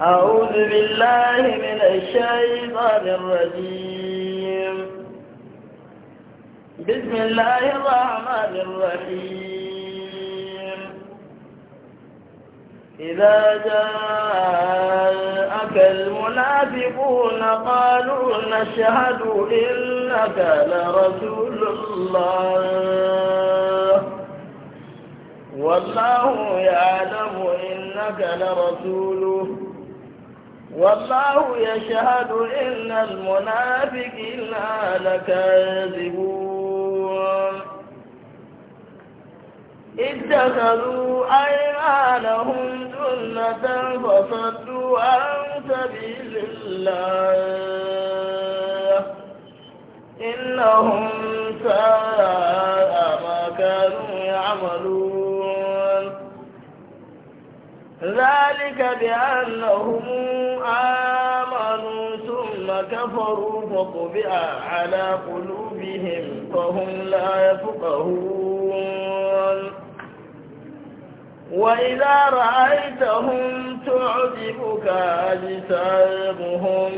أعوذ بالله من الشيطان الرجيم بسم الله الرحمن الرحيم إذا جاءك المنافقون قالوا نشهد إنك لرسول الله والله يعلم إنك لرسوله والله يشهد إن المنافقين لكاذبون اتخذوا أيمانهم جنة فصدوا عن سبيل الله إنهم ساء ما كانوا يعملون ذلك بأنهم آمنوا ثم كفروا فطبع على قلوبهم فهم لا يفقهون وإذا رأيتهم تعجبك أجسامهم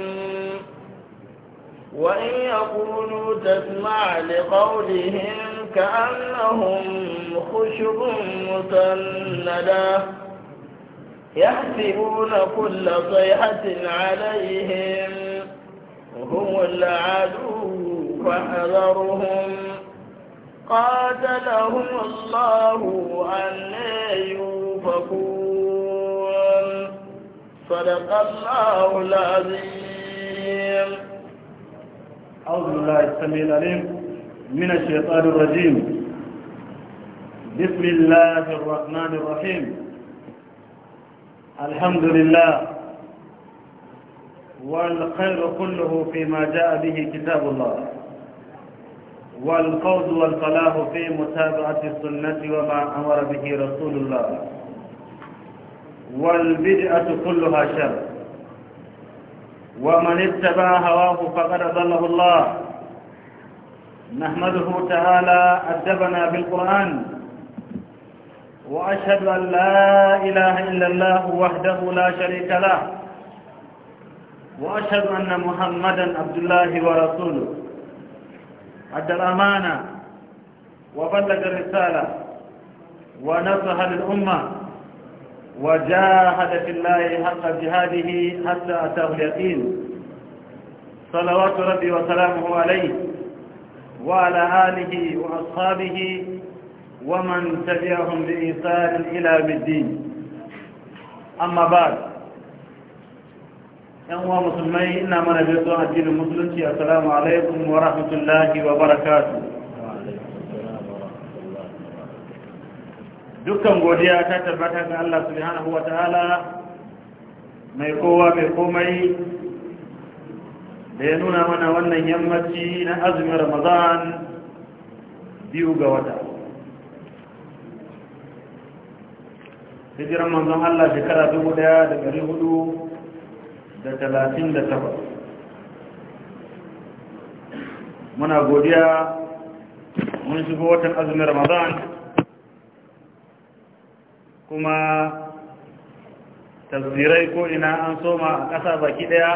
وإن يقولوا تسمع لقولهم كأنهم خشب مسنده يحسبون كل صيحة عليهم هم العدو فاحذرهم قاتلهم الله أن يوفكون صدق الله العظيم أعوذ بالله السميع العليم من الشيطان الرجيم بسم الله الرحمن الرحيم الحمد لله والخير كله فيما جاء به كتاب الله والقوض والصلاه في متابعة السنة وما أمر به رسول الله والبدعة كلها شر ومن اتبع هواه فقد ضله الله نحمده تعالى أدبنا بالقرآن وأشهد أن لا إله إلا الله وحده لا شريك له وأشهد أن محمدا عبد الله ورسوله أدى الأمانة وبلغ الرسالة ونصح للأمة وجاهد في الله حق جهاده حتى أتاه اليقين صلوات ربي وسلامه عليه وعلى آله وأصحابه ومن تبعهم بإيصال إلى uwa أما بعد ينوى مسلمي إنا من أبيضوا الدين المسلم السلام عليكم ورحمة الله وبركاته dukkan godiya ta tabbata ga Allah subhanahu ta'ala mai kowa mai komai da ya nuna mana wannan yammaci na azumin Ramadan biyu ga wata hijiran manzon Allah shekara dubu da da da hudu talatin takwas. muna godiya mun shigo watan azumin ramadan kuma tafsirai ko ina an soma a ƙasa baki ɗaya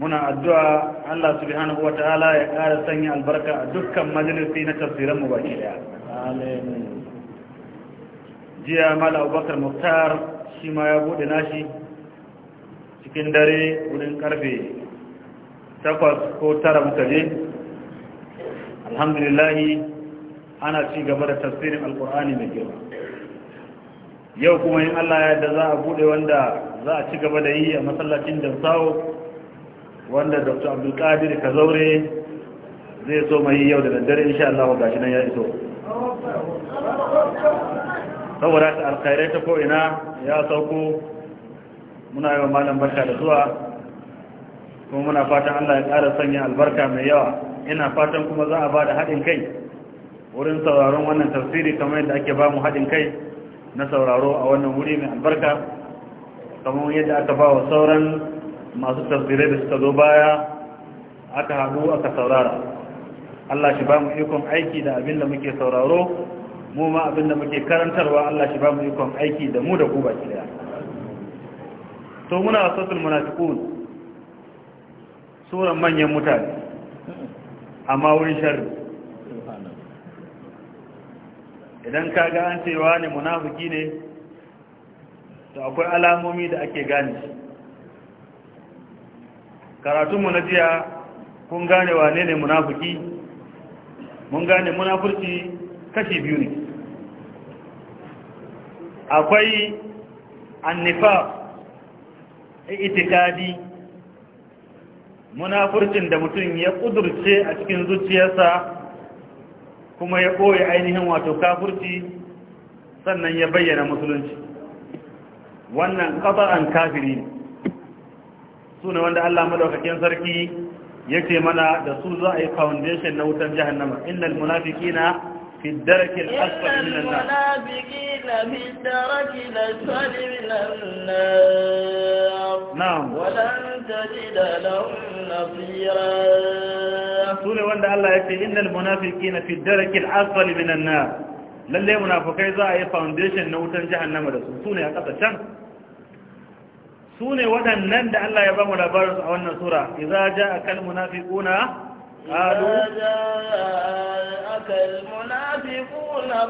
muna addu'a Allah subhanahu wa ta'ala ya ƙara sanya albarka a dukkan majalisi na tafsiranmu baki ɗaya jiya mala abubakar muktar shi ma ya bude nashi cikin dare wurin karfe takwas ko tara muka alhamdulillahi ana ci gaba da tafsirin alkur'ani mai girma yau kuma yin allah ya da za a bude wanda za a ci gaba da yi a masallacin damsawo wanda dr abdulkadir kazaure zai zo mai yau da daddare insha allahu gashi nan ya iso saboda ta alkhairai ta ko'ina ya sauko muna yi wa malam barka da zuwa kuma muna fatan allah ya ƙara sanya albarka mai yawa ina fatan kuma za a ba da haɗin kai wurin sauraron wannan tafsiri kamar yadda ake ba mu haɗin kai na sauraro a wannan wuri mai albarka kamar yadda aka ba wa sauran masu tafsirai da suka zo baya aka haɗu aka saurara allah shi ba mu ikon aiki da abin da muke sauraro mu ma abinda muke karantarwa Allah shi ba mu ikon aiki da mu da ku baki daya to muna wasatul munafiqun suran manyan mutane amma wurin sharri idan ka ga an cewa ne munafiki ne to akwai alamomi da ake gane shi karatunmu na jiya kun gane wane ne munafiki mun gane munafurci kashi biyu ne akwai annifa itikadi munafurcin da mutum ya kudurce a cikin zuciyarsa kuma ya ɓoye ainihin wato kafurci sannan ya bayyana musulunci wannan an kafiri ne su ne wanda Allah maɗaukakin sarki ya ce mana da su za a yi foundation na wutan jahannama munafiki na في الدرك الأسفل من النار المنافقين في الدرك الأسفل من النار نعم ولن تجد لهم نصيرا سورة وند الله يقول إن المنافقين في الدرك الأسفل من النار za a yi foundation na wutan jahannama da su a ƙasa su ne waɗannan da Allah ya ba mu a wannan sura a kan kal munafiquna Dada akalma na fi ku na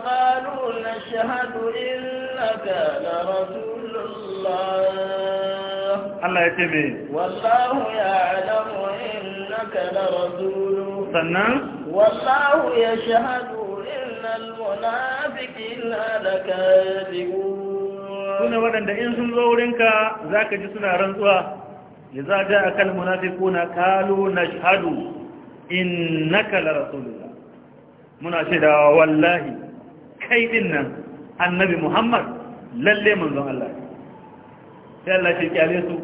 Allah ya ce me. Wasu ya canza muhimman naka da masu lusannan. Wasu wani ya shahadu in nama na fi na da kafiyu. Suna waɗanda in sun zo wurin za ka ji suna rantsuwa, ya zata akalma na fi ku na ƙalu na innaka la rasulullah muna shaida wallahi kai din annabi muhammad lalle manzon Allah sai Allah shi kyale su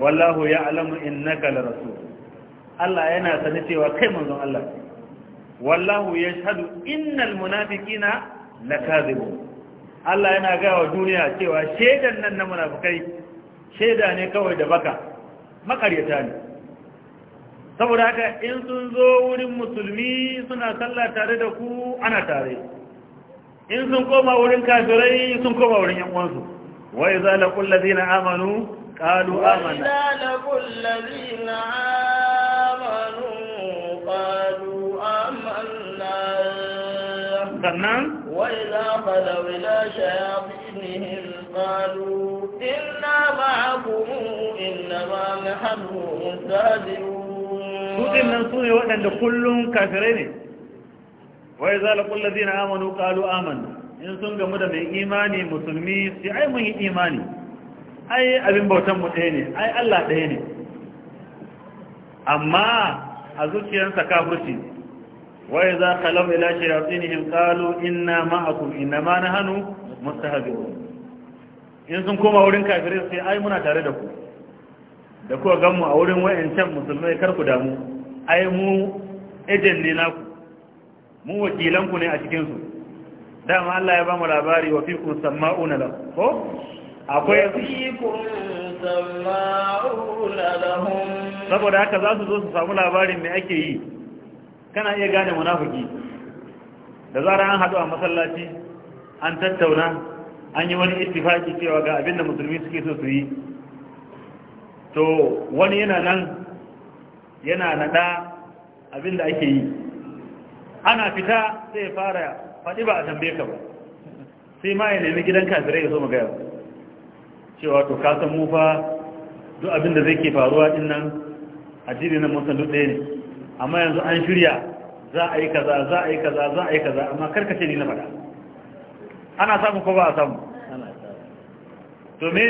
wallahu ya'lamu innaka la rasul Allah yana sani cewa kai manzon Allah wallahu yashhadu innal munafiqina lakazibun Allah yana ga wa duniya cewa shedan nan na munafikai sheda ne kawai da baka makaryata ne saboda haka in sun zo wurin musulmi suna sallah tare da ku ana tare in sun koma wurin kafirai sun koma wurin yan uwansu wa idza laqul ladina amanu qalu amanna idza laqul ladina amanu qalu amanna sannan wa idza qalaw ila shayatinihim qalu inna ma'akum inna ma nahnu mustahzi'un din nan su ne waɗanda kullum kafirai ne wai za a kulla zina amanu kalu Aman? in sun gamu da mai imani musulmi sai ai mun yi imani ai abin bautan mu ɗaya ne ai Allah ɗaya ne amma a zuciyarsa kafirci wai za a kalau ila shayatinihim qalu inna ma'akum innama nahnu mustahzi'un in sun koma wurin kafirai sai ai muna tare da ku da kuwa ganmu a wurin wayancan musulmai kar ku damu ai mu ejen ne naku mu wakilanku ne a cikinsu dama Allah ya ba mu labari wa fi kun na lahu ko akwai saboda haka za su zo su samu labarin mai ake yi kana iya gane munafiki da zara an haɗu a masallaci an tattauna an yi wani istifaki cewa ga abinda musulmi suke so su yi to wani yana nan yana naɗa abin da ake yi ana fita sai ya fara faɗi ba a tambaye ka ba sai ma ya nemi gidan kafirai ya zo mu gaya. cewa to ka san mu fa duk abin da zai ke faruwa din nan addini nan mun san duk ɗaya ne amma yanzu an shirya za a yi kaza za a yi kaza za a yi kaza amma karkace ni na faɗa ana samu ko ba a samu to me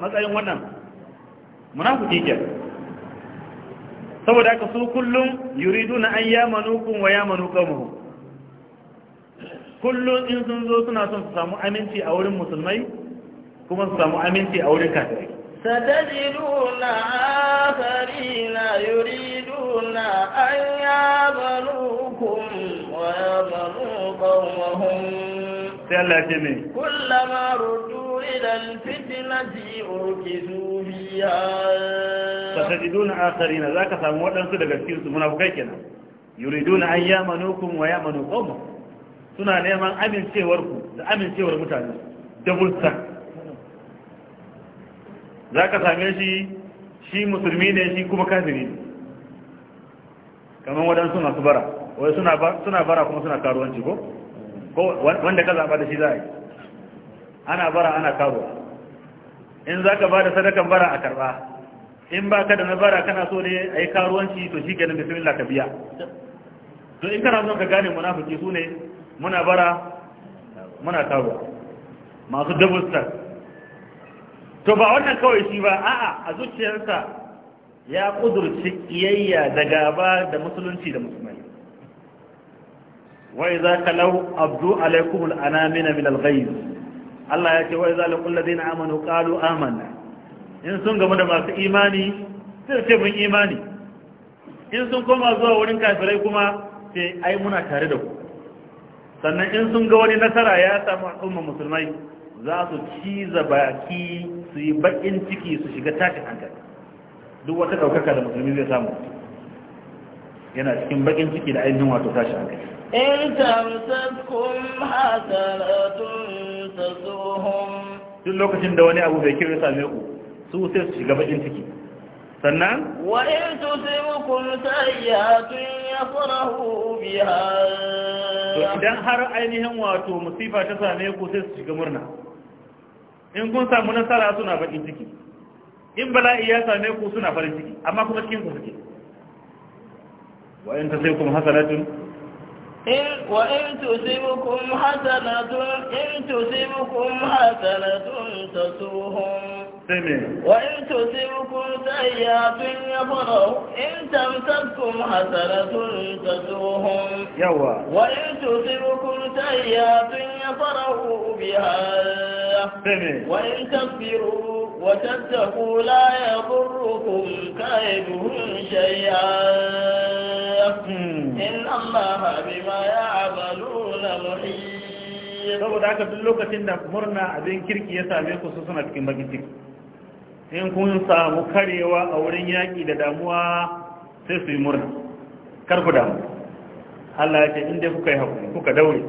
matsayin wannan munafiki kenan saboda haka su kullum yuriduna an manukun wa manuka mu. kullum in sun zo suna son su samu aminci a wurin musulmai kuma su samu aminci a wurin kafirai an آخرين يريدون wa ya ويابنوا قومهم sai Allah ya ce me kullama rudu ila alfitnati urkizu biha satajiduna akharina zaka samu wadansu daga cikin su munafukai kenan yuriduna an yamanukum wa yamanu qawm suna neman amincewar ku da amincewar mutane double stack zaka same shi shi musulmi ne shi kuma kafiri ne kamar wadansu masu bara wai suna bara kuma suna karuwanci ko ko wanda ka zaɓa da shi za a yi ana bara ana karo in za ka ba da sadakan bara a karɓa in ba ka da na bara kana so ne a yi karuwanci to shi ganin bismillah ka biya to in kana son ka gane munafiki su ne muna bara muna karo masu double star to ba wannan kawai shi ba a'a a zuciyarsa ya kudurci iyayya da gaba da musulunci da musulunci wai za ka lau abdu alaikumul anamina min Allah ya ce wai za laqul ladina amanu qalu amanna in sun gamu da masu imani sai ce mun imani in sun koma zuwa wurin kafirai kuma sai ai muna tare da ku sannan in sun ga wani nasara ya samu al'umma musulmai za su ciza baki su yi bakin ciki su shiga tashin hankali duk wata ɗaukaka da musulmi zai samu yana cikin bakin ciki da ainihin wato tashin hankali إن تمسسكم حسنة تسوهم في lokacin da wani abu bai kira same ku su sai su shiga bakin ciki sannan wa idan har ainihin wato musifa ta same ku sai su shiga murna in kun samu nasara suna baƙin ciki in bala'i ya same ku suna farin ciki amma kuma cikin ku suke wa sai kuma hasanatun enduzinwụko m ha danadụ ndụdụ ụhụ sẹ́mẹ̀. wọ́n tó sí kú sẹ́yà fún ẹ̀fọ́rọ̀ ń tàbí sàkóhù وتتقوا لا يضركم كائدهم شيئا hmm. إن الله بما يعملون محيط. Saboda haka duk lokacin da murna abin kirki ya same ku su cikin bakin ciki. in kun samu karewa a wurin yaƙi da damuwa sai su yi murna kar ku damu Allah ya ce inda kuka yi haƙuri kuka daure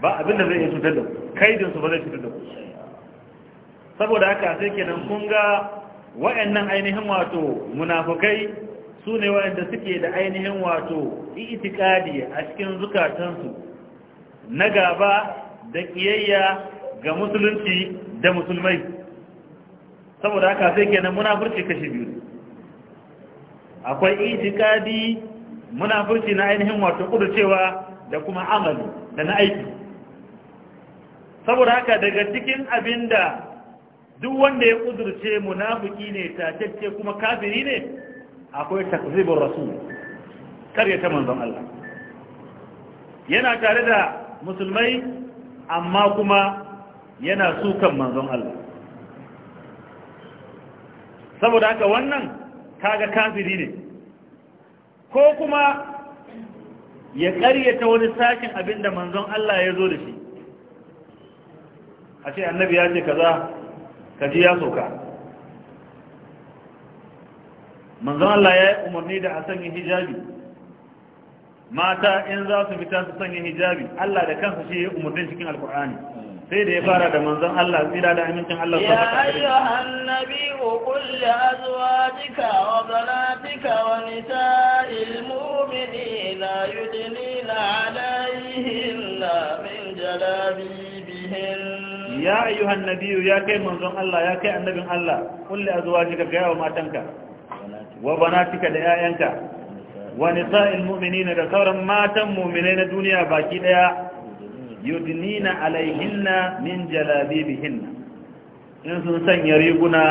ba abin da zai yi cutar da kaidin su ba zai cutar da ku saboda haka sai kenan kun ga wayannan ainihin wato munafukai su ne wayanda suke da ainihin wato itikadi a cikin zukatansu na gaba da kiyayya ga musulunci da musulmai saboda haka sai kenan munafurci kashi biyu akwai itikadi munafurci na ainihin wato kudurcewa da kuma amali da na aiki saboda haka daga cikin abinda duk wanda ya kudurce munafiki ne tatacce kuma kafiri ne akwai takzibin rasul ta manzon Allah yana tare da musulmai amma kuma yana sukan manzon Allah saboda haka wannan kaga kafiri ne ko kuma ya ƙaryata wani sakin abin da manzon Allah ya zo da shi a ce annabi ya ce kaza kaji ya soka manzon Allah ya yi umarni da a sanya hijabi mata in za su fita su sanya hijabi Allah da kansa shi ya umarni cikin alkur'ani sai da ya fara da manzon Allah tsira da amincin Allah ya ayyuhan nabiyyu qul li azwajika wa banatika wa nisa'il mu'minina yudnina 'alayhinna min jalabibihin ya ayyuhan nabiyyu ya kai manzon Allah ya kai annabin Allah qul li azwajika ga yawa matanka wa banatika da 'ya'yanka wa nisa'il mu'minina da sauran matan mu'minai na duniya baki daya yudnina alaihinna min jalabibihinna in sun sanya riguna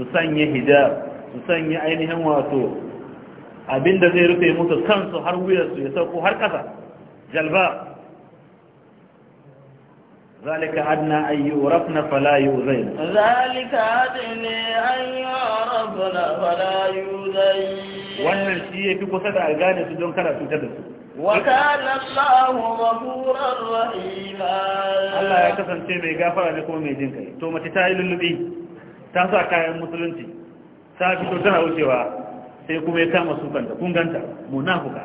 su sanya hijab su sanya ainihin wato abinda zai rufe musu kansu har wuyarsu ya sauko har kasa jalba ذلك أدنى أن يورفن فلا يؤذين ذلك أدنى أن يورفن فلا يؤذين wannan shi ya fi kusa da algane su don kada cutar da su Allah ya kasance mai gafara ne kuma mai jin kai to mace ta yi lullubi ta sa kayan musulunci ta fito tana wucewa sai kuma ya kama su kanta kun ganta munafuka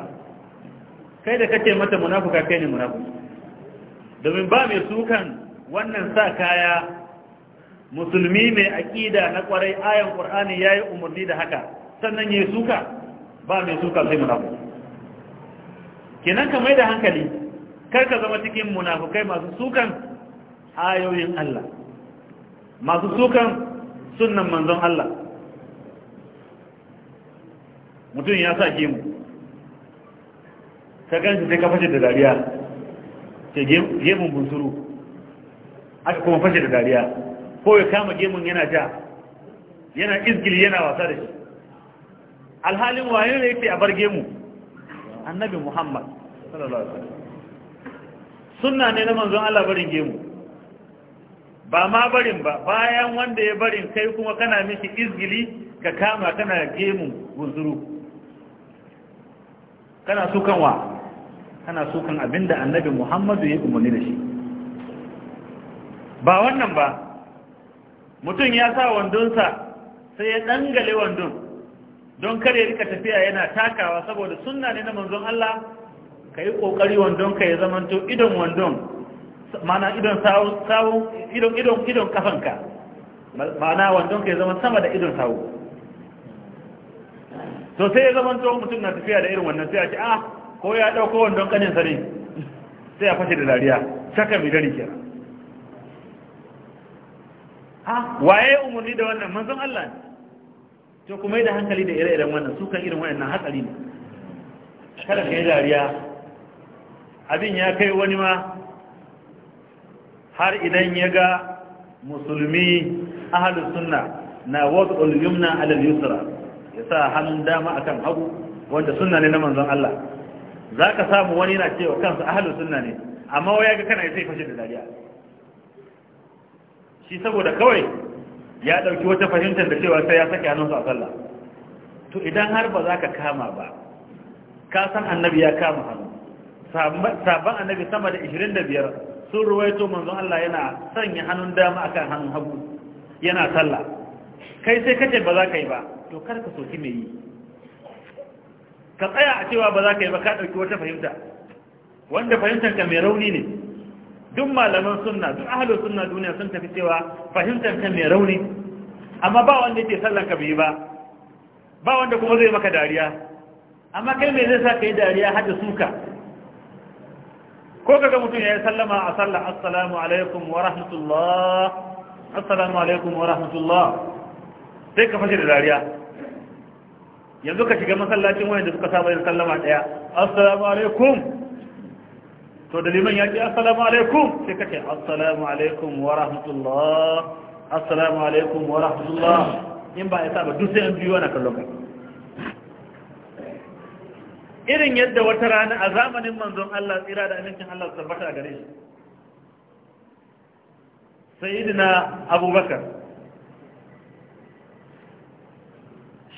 kai da kake mata munafuka kai ne munafuka domin ba mai sukan wannan sa kaya musulmi mai aƙida na kwarai ayan ya yayi umarni da haka sannan yayi suka ba mai suka sai munafuka kenan ka mai da hankali kar ka zama cikin munafukai masu sukan ayoyin Allah masu sukan sunnan manzon Allah mutum ya sa gemu ka ganci sai ka fashe da dariya ke gemun bunsuru aka kuma fashe da dariya ko ya kama gemun yana ja yana izgili yana wasa da shi alhalin wayo ne ya ce a bar gemu annabi muhammad sallallahu alaihi ne na manzon Allah barin gemu ba ma barin ba bayan wanda ya barin kai kuma kana mishi izgili ka kama kana gemun guzuru kana sukan wa kana sukan abinda annabi Muhammadu ya umarni da shi ba wannan ba mutum ya sa wandonsa sai ya dangale wandon don kare rika tafiya yana takawa saboda sunna ne na manzon Allah ka yi ƙoƙari wandon ka ya zamanto idon wandon mana idon sawu idon idon idon kafanka mana wandon ka ya zama sama da idon sawu to sai ya zamanto mutum na tafiya da irin wannan sai a ce ah ko ya ɗauko wandon kanin sare ne sai a fashe da lariya saka mai gani kenan ha waye umarni da wannan manzon Allah ne to kuma yi da hankali da ire-iren wannan su kan irin wannan hatsari ne kada ka yi dariya abin ya kai wani ma har idan ya ga musulmi ahalus suna na wasu na alal yusra ya sa hannun dama a kan hagu wanda suna ne na manzon Allah za ka samu wani yana cewa kansu ahalus suna ne amma waya ga kana ya sai fashe da dariya shi saboda kawai ya ɗauki wata fahimtar da cewa sai ya sake hannunsa a sallah to idan har ba za ka kama ba ka san annabi ya kama hannu sabon annabi sama da 25 sun ruwaito manzon Allah yana sanya hannun dama akan hannun hagu yana sallah kai sai kace ba za ka yi ba to kar ka soki me yi ka tsaya a cewa ba za ka yi ba ka ɗauki wata fahimta wanda fahimtar ka mai rauni ne duk malaman sunna duk ahlus sunna duniya sun tafi cewa fahimtar ka mai rauni amma ba wanda yake sallan ka bai ba ba wanda kuma zai maka dariya amma kai me zai sa ka yi dariya hada suka ko kaga mutum ya yi sallama a sallar assalamu alaikum wa rahmatullah assalamu alaikum wa rahmatullah sai ka fashe da dariya yanzu ka shiga masallacin wanda suka saba yin sallama daya assalamu alaikum to da liman ya ce assalamu alaikum sai kake ce assalamu alaikum wa rahmatullah assalamu alaikum wa rahmatullah in ba ya saba duk sai an biyo na kallon ka irin yadda wata rana a zamanin manzon Allah tsira da amincin Allah su tabbata a gare shi sayyidina abubakar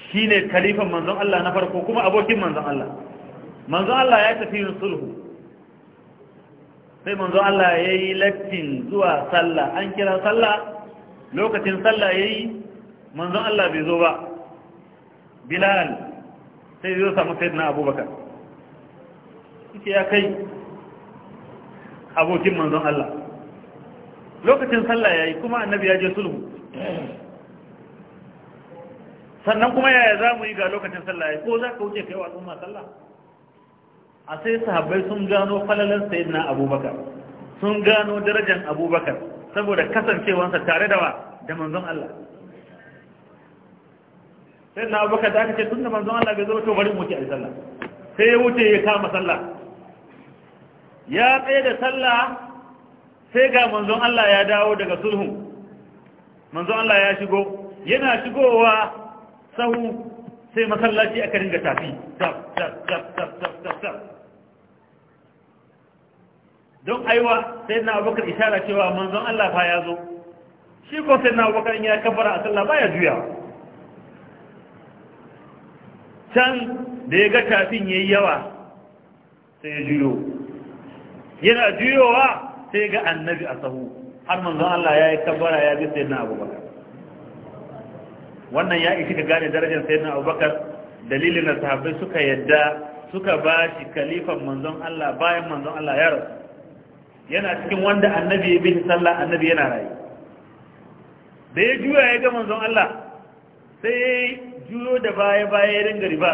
shine kalifan manzon Allah na farko kuma abokin manzon Allah manzon Allah ya tafi yin sulhu sai manzo Allah ya yi lattin zuwa sallah an kira sallah lokacin sallah ya yi manzo Allah bai zo ba bilal sai zo samu sai na abubakar suke ya kai abokin manzon Allah lokacin sallah ya yi kuma annabi ya je sulhu sannan kuma yaya za mu yi ga lokacin sallah ya yi? ko za ka wuce kai wa al'umma sallah a sai sahabbai sun gano falalar sayyidina abubakar sun gano darajar abubakar saboda kasancewansa tare da wa da manzon Allah sai na abubakar da aka ce tun da manzon Allah bai zo to bari mu ci a sallah sai ya wuce ya kama sallah ya tsaye da sallah sai ga manzon Allah ya dawo daga sulhu manzon Allah ya shigo yana shigowa sahu sai masallaci aka ringa tafi tap tap tap tap tap tap don aiwa sai na abokan ishara cewa manzon Allah fa ya zo shi ko sai na abokan ya kafara a sallah ya juya can da ya ga tafin yayi yawa sai ya juyo yana juyowa sai ga annabi a sahu har manzon Allah ya yi kafara ya bi sai na abubakar wannan ya ishi ka gane darajar sai na abubakar dalilin da sahabbai suka yadda suka ba shi kalifan manzon Allah bayan manzon Allah ya rasu yana cikin wanda annabi ya bin sallah annabi yana rayu da ya juya ya ga manzon Allah sai ya juyo da baya baya ya dinga riba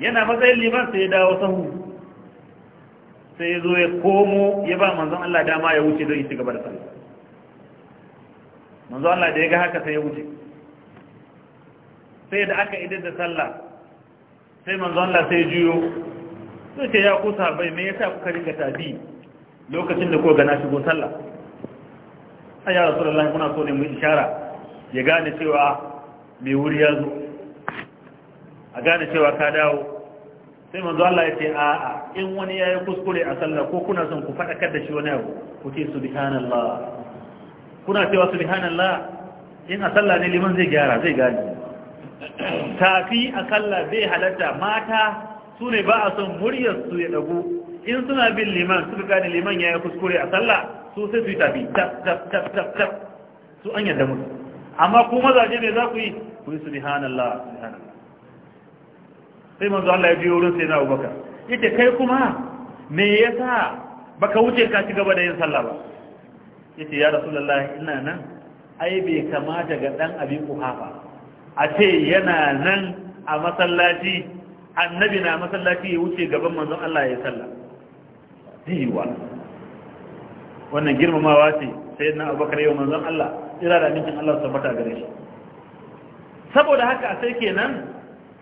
yana matsayin liman sai ya dawo sahu sai ya zo ya komo ya ba manzon Allah dama ya wuce don ya ci gaba da sallah manzon Allah da ya ga haka sai ya wuce sai da aka idar da sallah sai manzon Allah sai juyo sai ya kusa bai me yasa kuka ringa tabi lokacin da ko gana shigo sallah a ya rasulullahi kuna so ne mu ishara ya gane cewa mai wuri ya zo a gane cewa ka dawo sai manzo Allah ya ce a'a in wani yayi kuskure a sallah ko kuna son ku fadakar da shi wani abu ku ce subhanallah kuna cewa subhanallah in a sallah ne liman zai gyara zai gane tafi a sallah zai halatta mata su ne ba a son muryar su ya dago in suna bin liman suka gane liman ya yi kuskure a sallah su sai su yi tafi tap tap tap tap tap su an yadda musu amma kuma mazaje ne za ku yi ku yi subhanallah subhanallah sai manzo Allah ya biyo wurin sai na Abubakar yace kai kuma me yasa baka wuce ka ci gaba da yin sallah ba yace ya rasulullahi ina nan ai bai kamata ga dan abi kuhafa a ce yana nan a masallaci annabi na masallaci ya wuce gaban manzon Allah ya sallah yiwuwa wannan girmamawa ce sai na abubakar yau manzon Allah ira da ninkin Allah su tabbata gare shi saboda haka sai kenan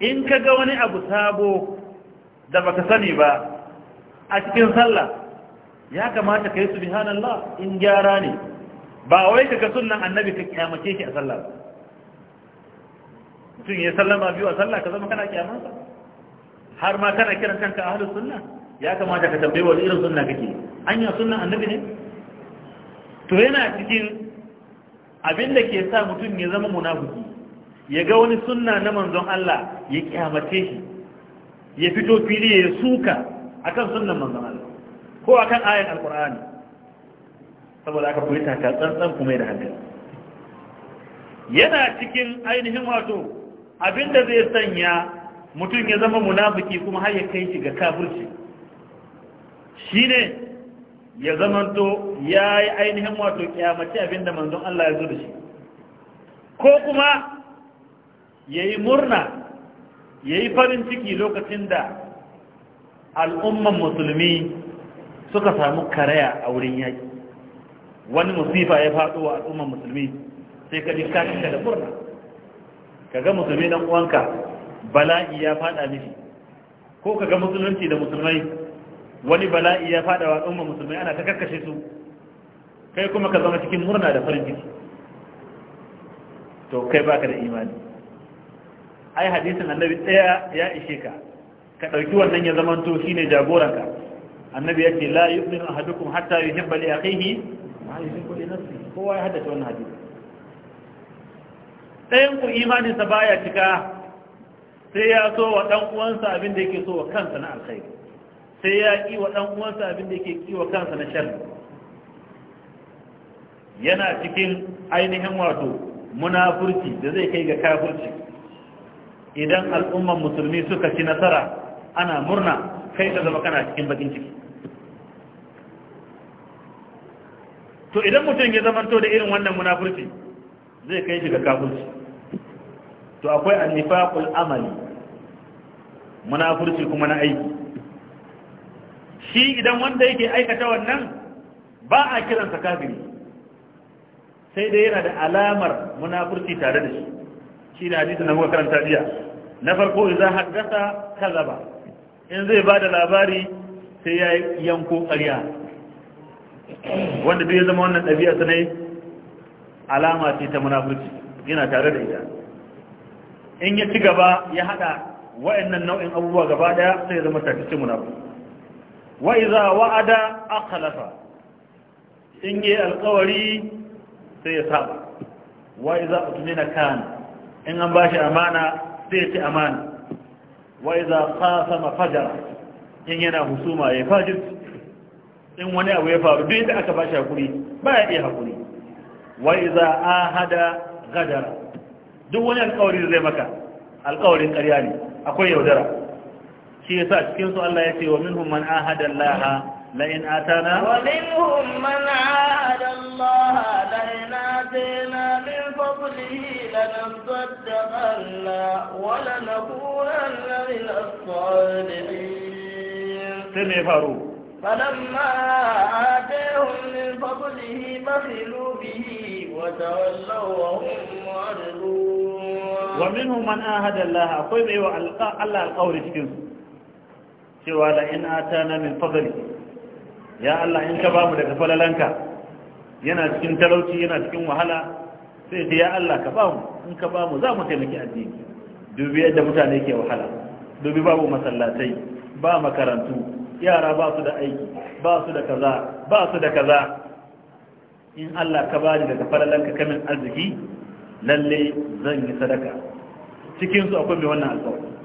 in ka ga wani abu sabo da baka sani ba a cikin sallah ya kamata ka yi subhanallah in gyara ne ba wai ka ga sunnan annabi ka kyamace shi a sallah ba mutum ya sallama biyu a sallah ka zama kana kyamansa har ma kana kiran kanka ahlus sunnah ya kamata ka tambaye wani irin sunna kake anya sunna annabi ne to yana cikin abin da ke sa mutum ya zama munafiki ya ga wani sunna na manzon Allah ya kiyamace shi ya fito fili ya suka akan sunnan manzon Allah ko akan ayan alqur'ani saboda aka koyi taka tsantsan kuma da hankali yana cikin ainihin wato abin da zai sanya mutum ya zama munafiki kuma har ya kai shi ga kafirci Shi ne ya zamanto ya yi ainihin wato kyamace abinda manzon Allah ya zo da shi ko kuma ya yi murna ya yi farin ciki lokacin da al'umman musulmi suka samu karaya a wurin yaƙi wani musifa ya faɗo wa al'umman musulmi sai ka jika kashinka da murna ka ga musulmi ɗan uwanka bala'i ya faɗa mishi ko ka ga musulunci da musulmai wani bala'i ya fada wa umma musulmai ana ta kakkashe su kai kuma ka zama cikin murna da farin ciki to kai baka da imani ai hadisin annabi daya ya ishe ka ka ɗauki wannan ya zama to shine jagoranka annabi ya ce la yu'minu ahadukum hatta yuhibba li akhihi ma yuhibbu li nafsihi kowa ya haddace wannan hadisi ɗayan ku imaninsa baya cika sai ya so wa ɗan uwansa abin da yake so wa kansa na alkhairi sai ya ƙi wa ɗan uwansa abin da yake ƙi wa kansa na shan, yana cikin ainihin wato munafurci da zai kai ga kafurci idan al'umman musulmi suka ci nasara ana murna kai da zama kana cikin bakin ciki to idan mutum ya to da irin wannan munafurci zai kai shi ga kafurci to akwai annifaqul amali munafurci kuma na aiki shi idan wanda yake aikata wannan ba a kiransa kafiri sai dai yana da alamar munafurci tare da shi shi da hadisi na muka karanta jiya na farko idan haddasa kazaba in zai ba da labari sai ya yanko ƙarya wanda duk ya zama wannan ɗabi'a sanai alama ce ta munafurci yana tare da ita in ya ci gaba ya haɗa wa'annan nau'in abubuwa gaba ɗaya sai ya zama cin munafurci wa iza wa'ada akhlafa in yi alkawari sai ya saba wa iza utmina kan in an bashi amana sai ya ci amana wa iza qasama fajara in yana husuma ya fajir in wani abu ya faru duk da aka bashi hakuri ba ya iya hakuri wa iza ahada gadara duk wani alkawari zai maka alkawarin ƙarya ne akwai yaudara shi sa cikin su Allah ya ce wa minhum man ahada Allah la in atana wa minhum man ahada Allah la in atana min fadlihi lanasaddaqanna wa lanakunanna min as-salihin sai me faru falamma atahum min fadlihi bakhilu bihi wa tawallaw wa hum wa minhum man ahada Allah akwai mai wa Allah alƙawari cikin su cewa la in atana min fadli ya Allah in ka bamu daga falalanka yana cikin talauci yana cikin wahala sai da ya Allah ka bamu in ka bamu za mu taimaki addini dubi yadda mutane ke wahala dubi babu masallatai ba makarantu yara ba su da aiki ba su da kaza ba su da kaza in Allah ka bani daga falalanka kamin arziki lalle zan yi sadaka cikin su akwai mai wannan alƙawari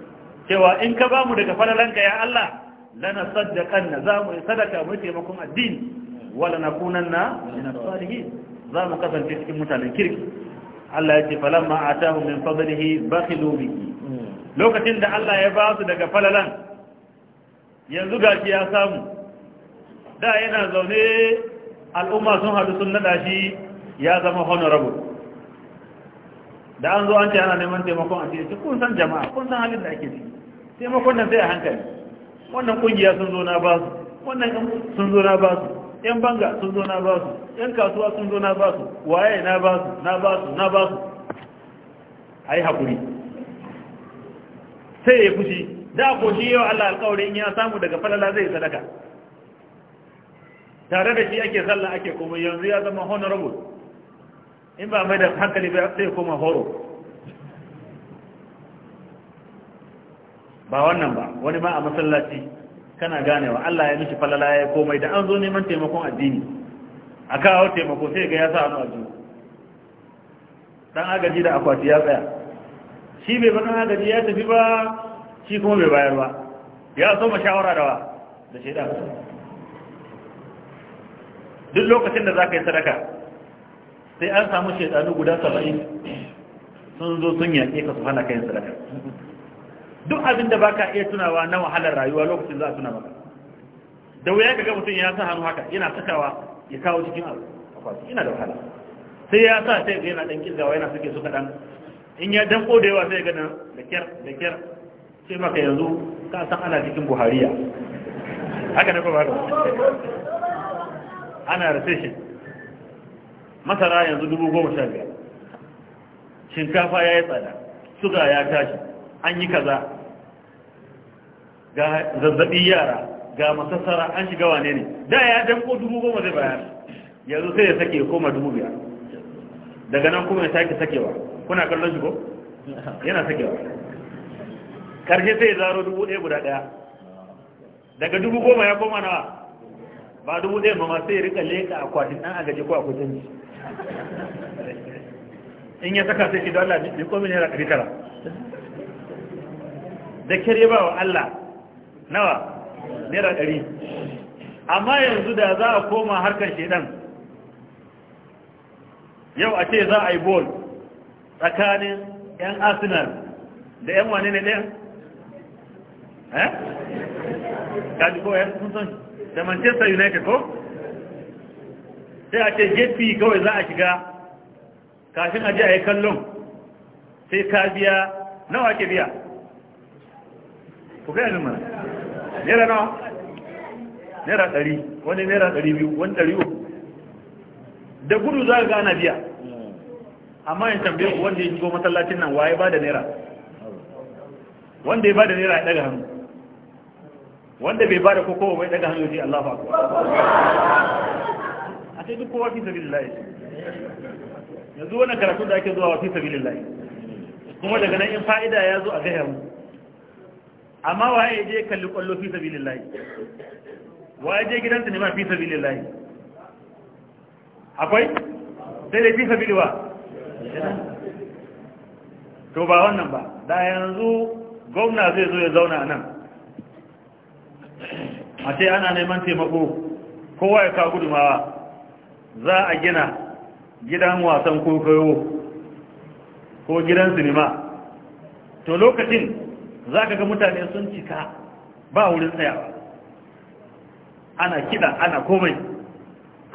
cewa in ka bamu daga falalanka ya Allah lana kanna za mu yi sadaka mu taimakon addini wala na min Na za mu kasance cikin mutanen kirki Allah ya ce falamma atahum min fadlihi baki bihi lokacin da Allah ya ba su daga falalan yanzu gashi ya samu da yana zaune al'umma sun hadu sun nada shi ya zama honorable da an zo an ce ana neman taimakon a cikin kun san jama'a kun san halin da ake ciki taimakon nan sai a hankali wannan kungiya sun zo na ba su wannan sun zo na ba su yan banga sun zo na ba su yan kasuwa sun zo na ba su waye na ba su na ba su na ba su a yi haƙuri sai ya fushi da ko shi yau Allah alƙawari in ya samu daga falala zai sadaka tare da shi ake sallah ake komai yanzu ya zama honorable in ba mai da hankali ba sai koma horo ba wannan ba wani ma a masallaci kana ganewa Allah ya mishi falala ya komai da an zo neman taimakon addini a kawo taimako sai ga ya sa hannu a jiyo dan agaji da akwati ya tsaya shi bai bakan agaji ya tafi ba shi kuma bai bayar ba ya so shawara da wa da shaidan duk lokacin da za ka yi sadaka sai an samu shaidanu guda saba'in sun zo sun yanke ka su hana kayan sadaka duk abin da baka iya tunawa na wahalar rayuwa lokacin za a tuna maka da wuya ka ga mutum ya sa hannu haka yana sakawa ya kawo cikin abu akwati yana da wahala sai ya sa sai yana dan kirgawa yana suke suka dan in ya ko da yawa sai ga nan da kyar da kyar sai maka yanzu ka san ana cikin buhariya haka na kuma haka ana recession masara yanzu dubu goma sha biyar shinkafa ya yi tsada suga ya tashi an yi kaza ga zazzabi yara ga masassara an shiga wane ne da ya danko dubu goma zai bayar yanzu sai ya sake koma dubu biyar daga nan kuma ya sake sakewa kuna kallon shigo yana sakewa karshe sai ya zaro dubu ɗaya guda ɗaya daga dubu goma ya koma nawa ba dubu ɗaya ma sai ya rika leƙa akwatin ɗan agaji ko akwatin in ya saka sai ki da Allah bi komi naira ɗari tara da kire ba wa Allah nawa naira ɗari amma yanzu da za a koma harkar shedan yau a ce za a yi bol tsakanin 'yan arsenal da 'yan wane ne ɗayan? eh? kaji ko 'yan sun da manchester united ko? sai a ce jefi kawai za a shiga kafin a a yi kallon sai ka biya nawa ke biya ku kai alimana Nera nawa Nera ɗari wani nera ɗari biyu wani ɗari uku da gudu za ga ana biya amma in tambaye ku wanda ya shigo masallacin nan waye ba da nera? wanda ya ba da nera ya ɗaga hannu wanda bai ba da kokowa mai ɗaga hannu ya ce ba akbar a sai duk kowa fi sabilillahi yanzu wani karatu da ake zuwa fi sabilillahi kuma daga nan in fa'ida ya zo a gaya mu amma waye je kalli kwallo fi wa ya je gidan ma fi sabilillahi akwai sai dai fi sabiliwa to ba wannan ba da yanzu gwamna zai zo ya zauna a nan a ce ana neman taimako kowa ya kawo gudumawa za a gina gidan wasan kokoyo ko gidan sinima to lokacin za ka ga mutane sun cika ba wurin tsayawa ana kida ana komai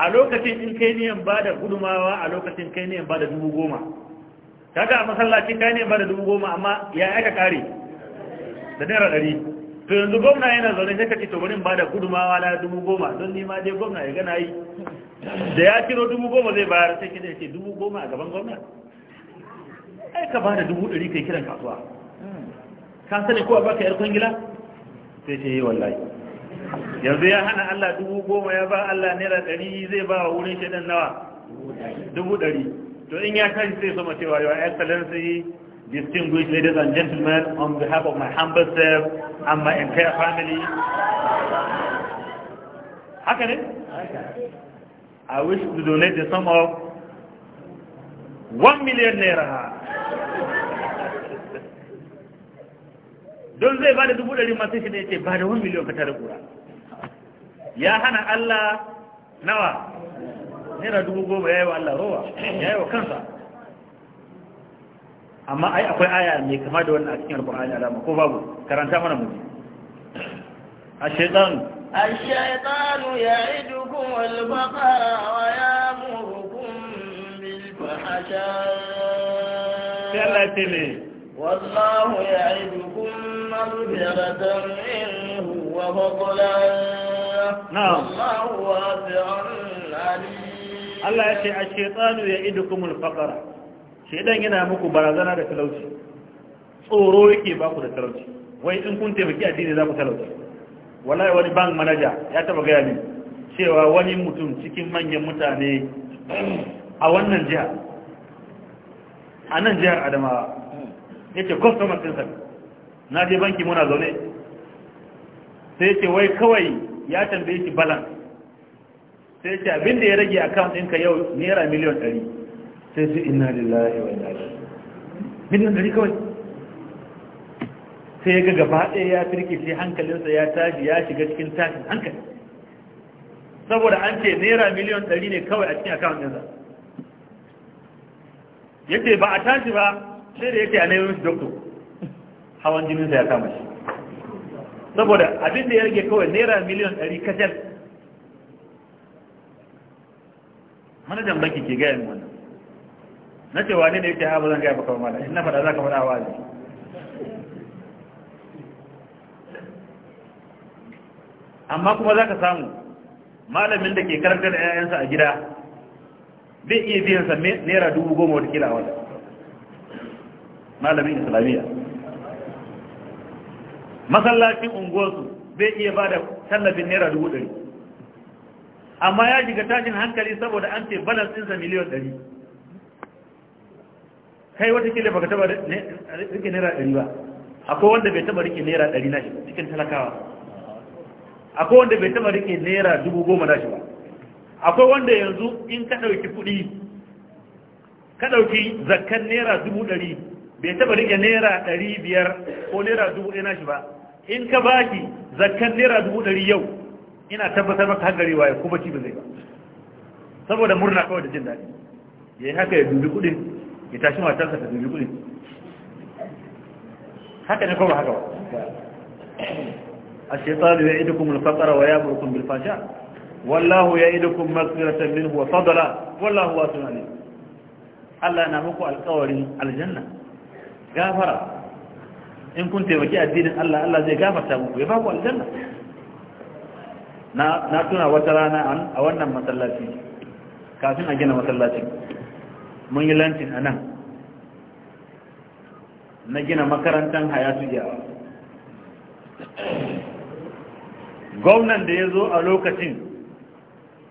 a lokacin in kai niyan ba da gudumawa a lokacin kai niyan ba da dubu goma kaga a masallacin kai niyan ba da dubu goma amma ya aka kare da naira ɗari to yanzu gwamna yana zaune sai ka ce to bari ba da gudumawa na dubu goma don nima dai gwamna ya gana yi da ya kiro dubu goma zai bayar sai kida ce dubu goma a gaban gwamna ai ka bada dubu ɗari kai kiran kasuwa ka sani ko a baka yar kwangila sai ce yi eh, wallahi yanzu ya hana Allah dubu goma ya ba Allah naira ɗari zai ba wa wurin shaidan nawa dubu ɗari to in ya kashi sai sama cewa your excellency distinguished ladies and gentlemen on behalf of my humble self and my entire family haka ne I wish to donate the sum of one million naira don zai ba da dubu ɗari masu shi ne ya ce ba da 1 million ka tare kura ya hana Allah nawa naira dubu goma ya yi wa Allah rowa ya yi wa kansa amma ai akwai aya mai kama da wannan a cikin alƙur'ani alama ko babu karanta mana mutum a shaitan الشيطان يعدكم الفقر ويامركم بالفحشاء والله يعدكم مغفرة منه وفضلا نعم واسع عليم Allah ya ce a shaitanu ya idu alfakara. yana muku barazana da talauci tsoro yake ba da talauci wai in kun taimaki addini za ku talauci wallahi wani bank manager ya taba gaya min cewa wani mutum cikin manyan mutane a wannan jiha a nan jihar adamawa ya ce customer center na je banki muna zaune sai ce wai kawai ya tambaye shi balance sai ce abin da ya rage account ɗinka yau naira miliyan 100 sai su inna lillahi wa ina miliyan 100 kawai sai ga gaba ɗaya ya firkice hankalinsa ya tashi ya shiga cikin tashin hankali saboda an ce naira miliyan ɗari ne kawai a cikin akawun ɗinsa ya ce ba a tashi ba sai da ya ce a nemi mishi doktor hawan jininsa ya kama shi saboda abin da ya rage kawai naira miliyan ɗari kacal manajan banki ke gaya min wannan na ce wane ne ya ce ha ba zan gaya ba kawai mana in na faɗa za ka faɗa wa aziki amma kuma za ka samu malamin da ke karanta da 'ya'yansa a gida zai iya biyan sa naira dubu goma wata kila wata malamin islamiyya masallacin unguwarsu zai iya ba da tallafin naira dubu ɗari amma ya jiga tashin hankali saboda an ce balansinsa ɗinsa miliyan ɗari kai wata kila baka taba rike naira ɗari ba akwai wanda bai taba rike naira ɗari na cikin talakawa akwai wanda bai taba rike naira dubu goma na shi ba akwai wanda yanzu in ka ɗauki kuɗi ka ɗauki zakkan naira dubu ɗari bai taba rike naira ɗari biyar ko naira dubu ɗaya na shi ba in ka baki zakkan naira dubu ɗari yau ina tabbatar maka wa ya kuma ci ba zai ba saboda murna kawai da jin daɗi ya yi haka ya dubi kuɗin ya tashi matarsa ta dubi kuɗin haka ne ba haka ba الشيطان يعيدكم الفقر ويأمركم بالفحشاء والله يعيدكم مغفرة منه وفضلا والله واسع عليم Allah na muku alƙawarin aljanna gafara in kun taimaki addinin Allah Allah zai gafarta muku ya baku aljanna na na tuna wata rana a wannan masallaci kafin a gina masallacin mun yi a nan. na gina makarantar hayatu yawa gwamnan da ya zo a lokacin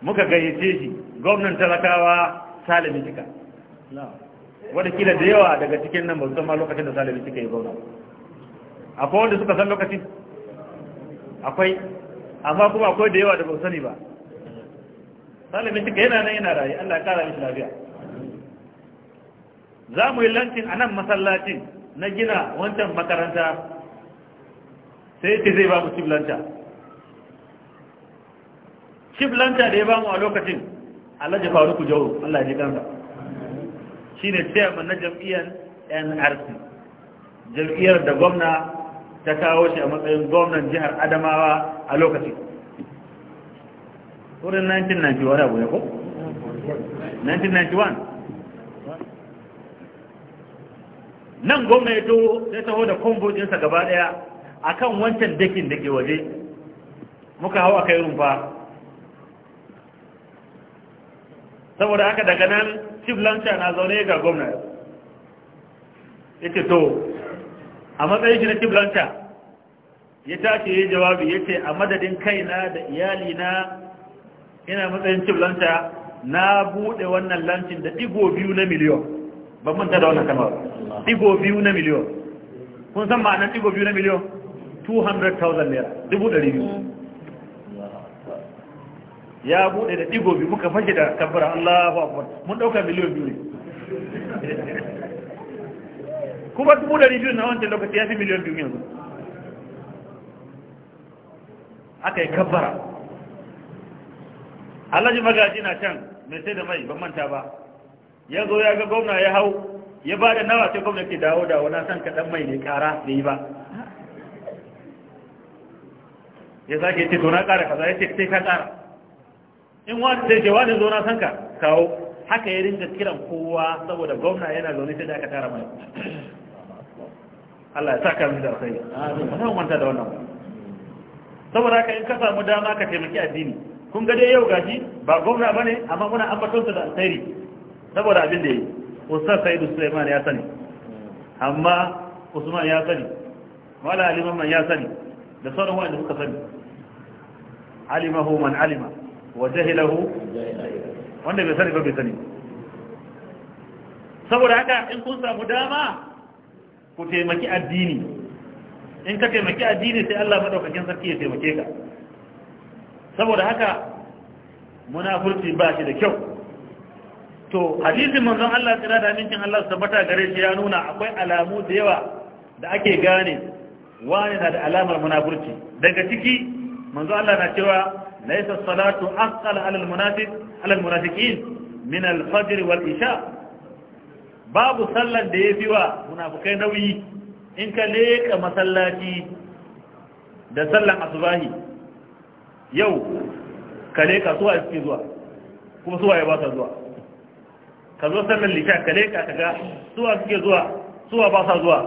muka gayyace shi gwamnan talakawa salami cika kila da yawa daga cikin nan ba su zama lokacin da salami cika ya gwamna akwai wanda suka san lokacin akwai amma kuma akwai da yawa da ba sani ba salami cika yana nan yana raye allah ya kara mishi lafiya za mu yi lantin a nan masallacin na gina wancan makaranta sai ce zai ba mu ciblanta kiblanta da ya bamu a lokacin faru ku jawo Allah ya ji kansa shi ne chairman na jam'iyyar nrc jam'iyyar da gwamna ta kawo shi a matsayin gwamnan jihar adamawa a lokacin wurin 1991 abu ne ko? 1991 nan gwamna ya to sai taho da kwambojinsa gaba daya akan wancan dakin da ke waje muka hau a kai rumfa saboda haka daga nan chief lancer na zaune ga gwamna ya ce to a matsayin shi na chief lancer ya tashi ya yi jawabi ya ce a madadin kaina da iyalina ina matsayin chief lancer na bude wannan lancin da digo biyu na miliyon ban manta da wannan kamar digo biyu na miliyon kun san ma'anar digo biyu na miliyon 200,000 naira dubu ɗari biyu mm. ya bude da digo bi muka fashe da kabbara Allahu akbar mun dauka miliyan biyu ne kuma dubu da rijiyar na wancan lokaci ya fi miliyan biyu yanzu aka yi kabbara alhaji magaji na can mai sai da mai ban manta ba ya zo ya ga gwamna ya hau ya ba da nawa sai gwamna ke dawo da wani san kaɗan mai ne ƙara da yi ba ya sake ce tona ƙara kaza ya ce sai ka ƙara in wani sai ke wani zo na san ka kawo haka ya ringa kiran kowa saboda gwamna yana zaune sai da aka tara mai Allah ya saka mu da sai ba za manta da wannan saboda haka in ka samu dama ka taimaki addini kun ga dai yau gashi ba gwamna bane amma muna ambaton sa da alkhairi saboda abin da yi Ustaz Saidu Suleiman ya sani amma Usman ya sani wala aliman man ya sani da sauran wanda suka sani alimahu man alima wajahilahu wanda bai sani ba bai sani saboda haka in kun samu dama ku taimaki addini in ka taimaki addini sai Allah madaukakin sarki ya taimake ka saboda haka munafurci ba shi da kyau to hadisin manzon Allah tsira da amincin Allah su tabbata gare shi ya nuna akwai alamu da yawa da ake gane wani na da alamar munafurci daga ciki manzon Allah na cewa ليس الصلاة salatu على المنافق على المنافقين من الفجر والإشاء min صلى fajr babu sallan da ليك wa munafikai nauyi in ka leka masallaci da sallan asubahi yau ka leka suwa suke zuwa kuma suwa ya ba ka zuwa ka zo sallan ka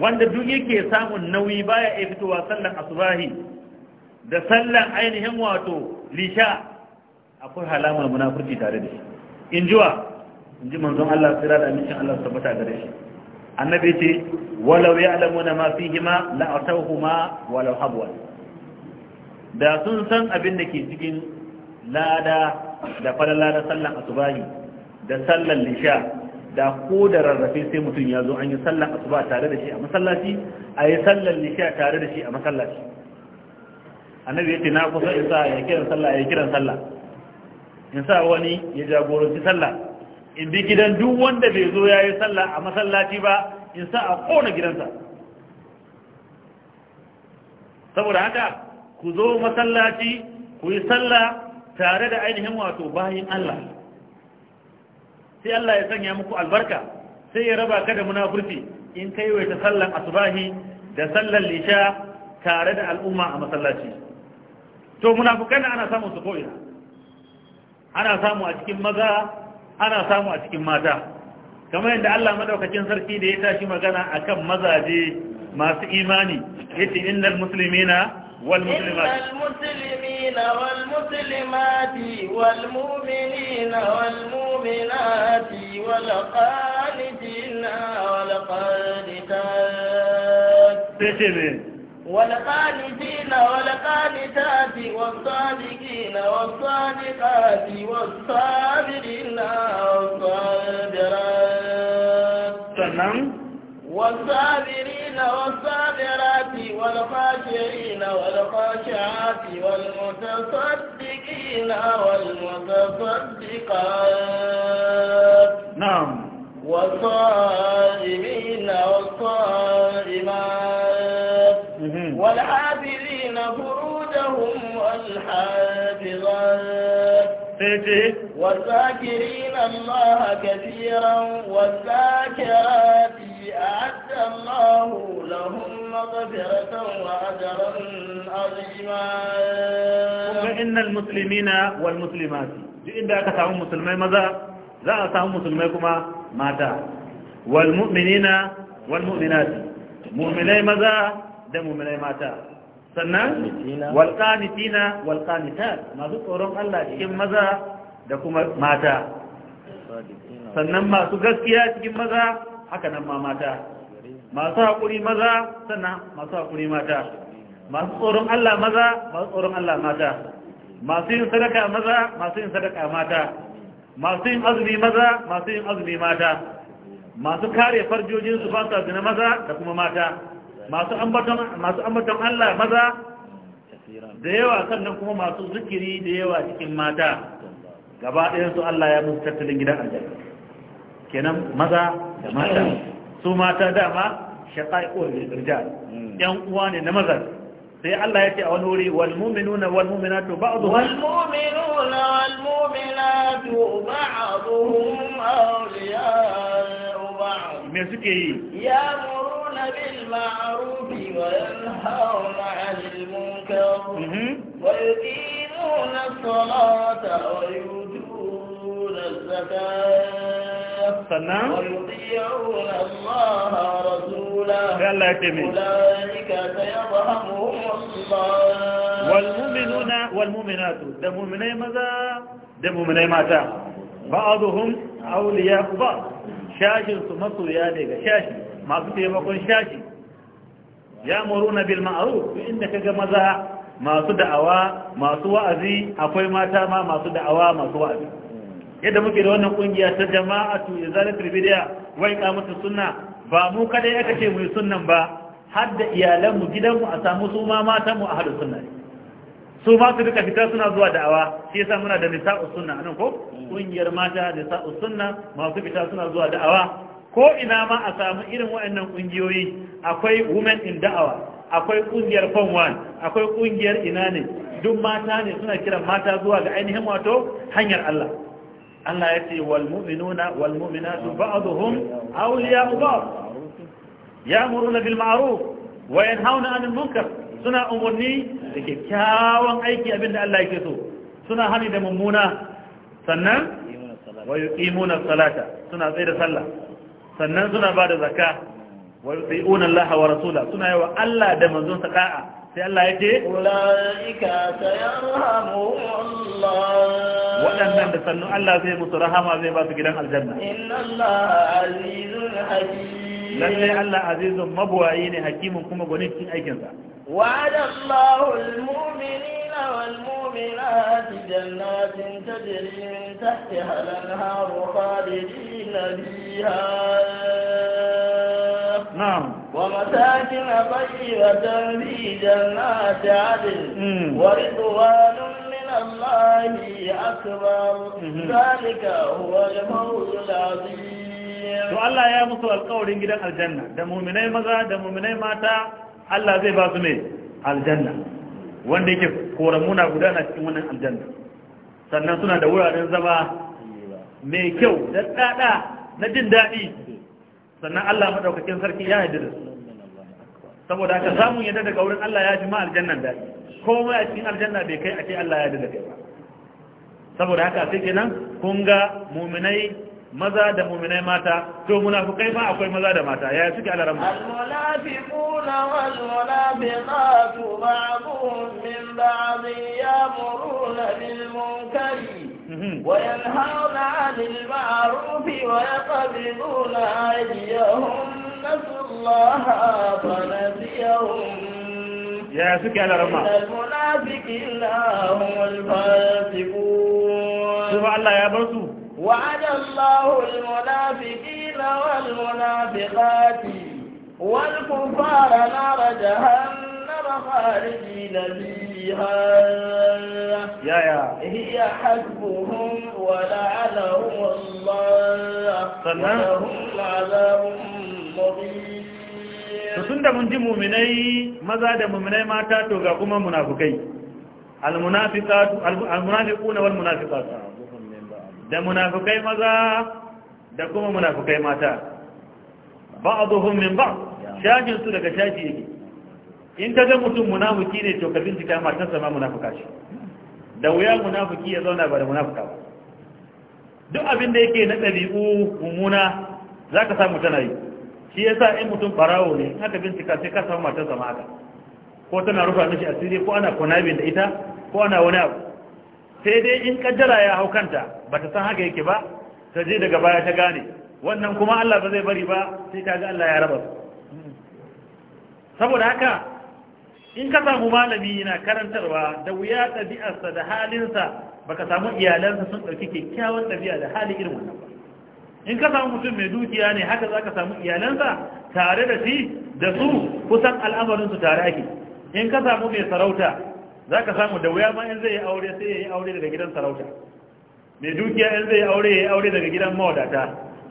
wanda duk yake samun nauyi baya iya fitowa sallan asubahi da sallan ainihin wato lisha akwai halamar munafurci tare da shi in jiwa in ji manzon Allah sira da amincin Allah tabbata gare shi annabi ce walau ya'lamuna ma hima la ma walau Habuwa. da sun san abin da ke cikin lada da falala lada sallan asubahi da sallan lisha da ko da rarrafe sai mutum ya zo an yi sallan asuba tare da shi a masallaci a yi sallan lisha tare da shi a masallaci annabi yace na kusa in sa ya kiran sallah ya kiran sallah in sa wani ya jagoranci sallah in bi gidan duk wanda bai zo yayi yi sallah a masallaci ba in sa a kona gidansa saboda haka ku zo masallaci ku yi sallah tare da ainihin wato bayin Allah sai Allah ya sanya muku albarka sai ya raba ka da munafurci in kai waita sallan asubahi da sallan lisha tare da al'umma a masallaci to munafukan nan ana samun su koya ana samu a cikin maza ana samu a cikin mata kamar yadda Allah madaukakin sarki da ya tashi magana akan mazaje masu imani yace innal muslimina والمسلمات إن المسلمين والمسلمات والمؤمنين والمؤمنات والقانتين والقانتات والقانتين والقانتات والصادقين والصادقات والصابرين والصابرات تمام والصابرين والصابرات والخاشعين والخاشعات والمتصدقين والمتصدقات نعم والصائمين والصائمات والحافظين فروجهم والحافظات والذاكرين الله كثيرا والذاكرات أعد الله لهم مغفرة وأجرا عظيما إن المسلمين والمسلمات جئن بأك تعون مسلمين ماذا؟ لا تعون مسلميكما ماذا؟ والمؤمنين والمؤمنات مؤمنين ماذا؟ da muminai mata sannan walƙanitina walƙanitat masu tsoron Allah cikin maza da kuma mata sannan masu gaskiya cikin maza haka nan ma mata masu haƙuri maza sannan masu haƙuri mata masu tsoron Allah maza masu tsoron Allah mata masu yin sadaka maza masu yin sadaka mata masu yin azumi maza masu yin azumi mata masu kare farjojin, su ba su maza da kuma mata masu ambaton Allah maza da yawa sannan kuma masu zikiri da yawa cikin mata gaba su Allah ya musu tattalin gidan aljanna kenan maza da mata su mata dama shaqaiqul rijal yan uwa ne na maza sai Allah ya ce a wani wuri wal mu'minuna wal mu'minatu ba'dhum wal mu'minuna wal mu'minatu ba'dhum awliya'u ba'd me suke yi ya بالمعروف وينهون عن المنكر ويقيمون الصلاة ويؤتون الزكاة ويطيعون الله ورسوله أولئك سيرحمهم الله والمؤمنون والمؤمنات دم من ماذا دم من ماذا بعضهم أولياء بعض شاشر ثم صيانة شاشر masu taimakon shashi ya na bil ma'aru inda kaga maza masu da'awa masu wa'azi akwai mata ma masu da'awa masu wa'azi yadda muke da wannan kungiya ta jama'atu izalatul wai ka mutu sunna ba mu kada ya ce mu sunnan ba har da iyalan mu gidan mu a samu su ma matan mu ahlus sunna su ma su duka fita suna zuwa da'awa shi yasa muna da nisa'us sunna anan ko mm. kungiyar mata nisa'us sunna masu fita suna zuwa da'awa ko ina ma a samu irin waɗannan ƙungiyoyi akwai women in da'awa akwai ƙungiyar fan akwai ƙungiyar ina ne duk mata ne suna kiran mata zuwa ga ainihin wato hanyar Allah Allah ya ce wal mu'minuna wal mu'minatu ba'dhum awliya ba'd ya'muruna bil ma'ruf wa yanhauna 'anil munkar suna umurni da kyakkyawan aiki abinda Allah yake so suna hani da mummuna sannan wa yuqimuna salata suna tsaye da sallah sannan suna ba da zakka wa yu'minuna Allah wa rasula suna yawa Allah da manzon sa da'a sai Allah yake ulaika sayarhamu Allah wadannan da sannu Allah zai musu rahama zai ba su gidan aljanna inna Allah azizun hakim lalle Allah azizun mabwayi ne hakimin kuma gwanin cikin aikinsa وعد الله المؤمنين والمؤمنات جنات تجري من تحتها الأنهار خالدين فيها نعم ومساكن طيبة في جنات عدن ورضوان من الله أكبر ذلك هو الموت العظيم to Allah ya musu alƙawarin gidan aljanna da muminai maza da muminai mata Allah zai ba su mai aljanna wanda yake koramuna gudana cikin wannan aljanna sannan suna da wuraren zama mai kyau da tsada na jin daɗi sannan Allah maɗaukakin sarki ya yarda da su saboda ka samun yadda daga wurin Allah ya ji ma aljannan daɗi komai a cikin aljanna bai kai a ce Allah ya yarda da kai ba saboda haka sai kenan kun ga muminai maza da mu'minai mata to munafikai ma akwai maza da mata yaya suke alaran mu al-munafiquna wal munafiqatu ba'dhum min ba'd ya'muruna bil munkari وينهون عن المعروف ويقبضون أيديهم نسوا الله فنسيهم يا سكي على رمى المنافقين هم الفاسقون شوف الله يا برسول وعد الله المنافقين والمنافقات والكفار نار جهنم خالدين فيها يا يا هي حسبهم ولعنهم الله ولهم عذاب مبين tun da mun ji muminai maza da muminai mata to ga kuma munafukai al-munafiqatu al-munafiquna wal-munafiqatu da munafukai maza da kuma munafukai mata ba ba'dhum min ba shajin su daga shaji yake in ka ga mutum munafuki ne to ka bincika matarsa ma munafuka shi. da wuya munafuki ya zauna ba da munafuka ba duk abin da yake na ɗabi'u mummuna za ka samu tana yi shi ya sa in mutum ɓarawo ne haka bincika sai ka samu matarsa ma haka ko tana rufa mishi asiri ko ana kunabin da ita ko ana wani abu sai dai in kaddara ya hau kanta ba ta san haka yake ba ta je daga baya ta gane wannan kuma Allah ba zai bari ba sai ta ga Allah ya raba su saboda haka in ka samu malami yana karantarwa da wuya ɗabi'arsa da halinsa ba ka samu iyalansa sun ɗauki kyakkyawan ɗabi'a da hali irin wannan ba in ka samu mutum mai dukiya ne haka za ka samu iyalansa tare da shi da su kusan al'amarinsu tare ake in ka samu mai sarauta za ka samu da wuya bayan in zai yi aure sai ya yi aure daga gidan sarauta mai dukiya in zai yi aure ya yi aure daga gidan mawadata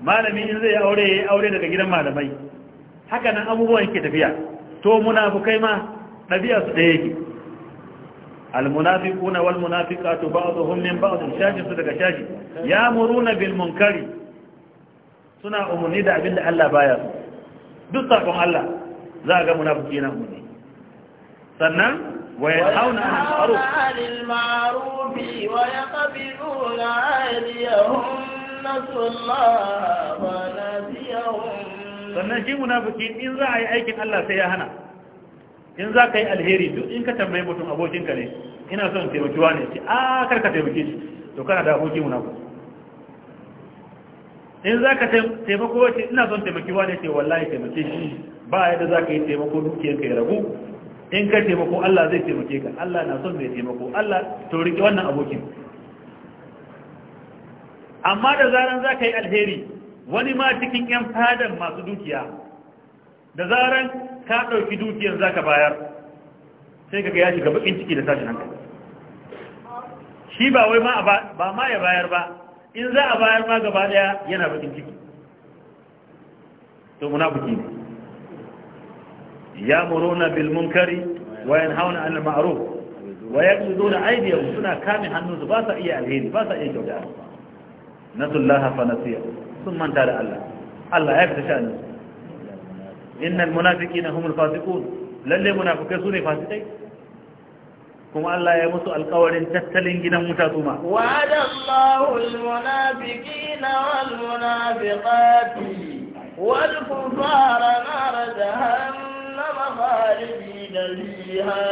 malami in zai yi aure ya yi aure daga gidan malamai haka nan abubuwan ke tafiya to munafukai ma ɗabi'a su ɗaya yake almunafiquna wal munafiqatu ba'dhum min ba'd shaji su daga shaji ya'muruna bil munkari suna umurni da abinda Allah baya su duk sakon Allah za ga munafiki na umurni sannan وينهون عن المعروف ويقبلون أيديهم نسوا الله sannan shi munafiki in za a yi aikin Allah sai ya hana in za ka yi alheri duk in ka tambaye mutum abokinka ne ina son taimakiwa ne ce a karka taimake shi to kana da abokin munafiki in za ka taimako wace ina son taimakiwa ne ce wallahi taimake shi ba yadda za ka yi taimako dukiyarka ya ragu in ka taimako Allah zai taimake ka Allah na son mai taimako Allah to rike wannan abokin amma da zaran za ka yi alheri wani ma cikin 'yan fadan masu dukiya da zaran ka ɗauki dukiyar za ka bayar sai ka ga ya shiga bakin ciki da sashen hankali shi ba wai ba ma ya bayar ba in za a bayar ma gaba daya yana bakin ciki to munafuki ne Ya bil munkari wa yanhauna 'anil ma'ruf wa yaqbiduna aydiyahum suna kame hannunsu ba sa iya alheri ba sa iya kyauta nasullaha fa nasiya sun manta da Allah Allah ya fi fita sha'ani innal munafiqina humul fasiqun lalle munafikai sune fasikai kuma Allah ya musu alƙawarin tattalin gidan wuta su ma. Wa'ada Allahul munafiki na wal munafiqati wal kufara nar jahannam جهنم خالدين فيها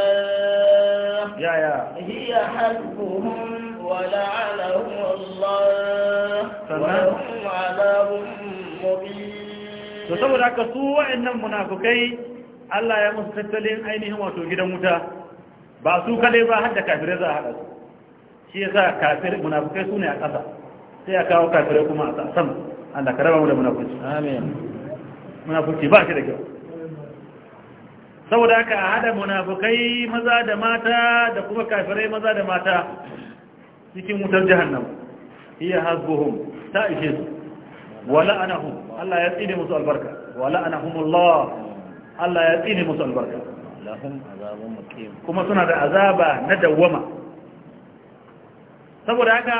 يا يا saboda haka su wa'annan munafukai Allah ya musu tattalin ainihin wato gidan wuta ba su kadai ba har da kafirai za a haɗa su shi ya sa kafir munafukai su ne a ƙasa sai a kawo kafirai kuma a sama Allah ka raba mu da munafuci amin munafuci ba shi da kyau saboda haka a hada munafukai maza da mata da kuma kafirai maza da mata cikin wutar jahannam iya hasbuhum ta ishe su wala anahum Allah ya tsine musu albarka wala anahumullah Allah ya tsine musu albarka kuma suna da azaba na dawwama saboda haka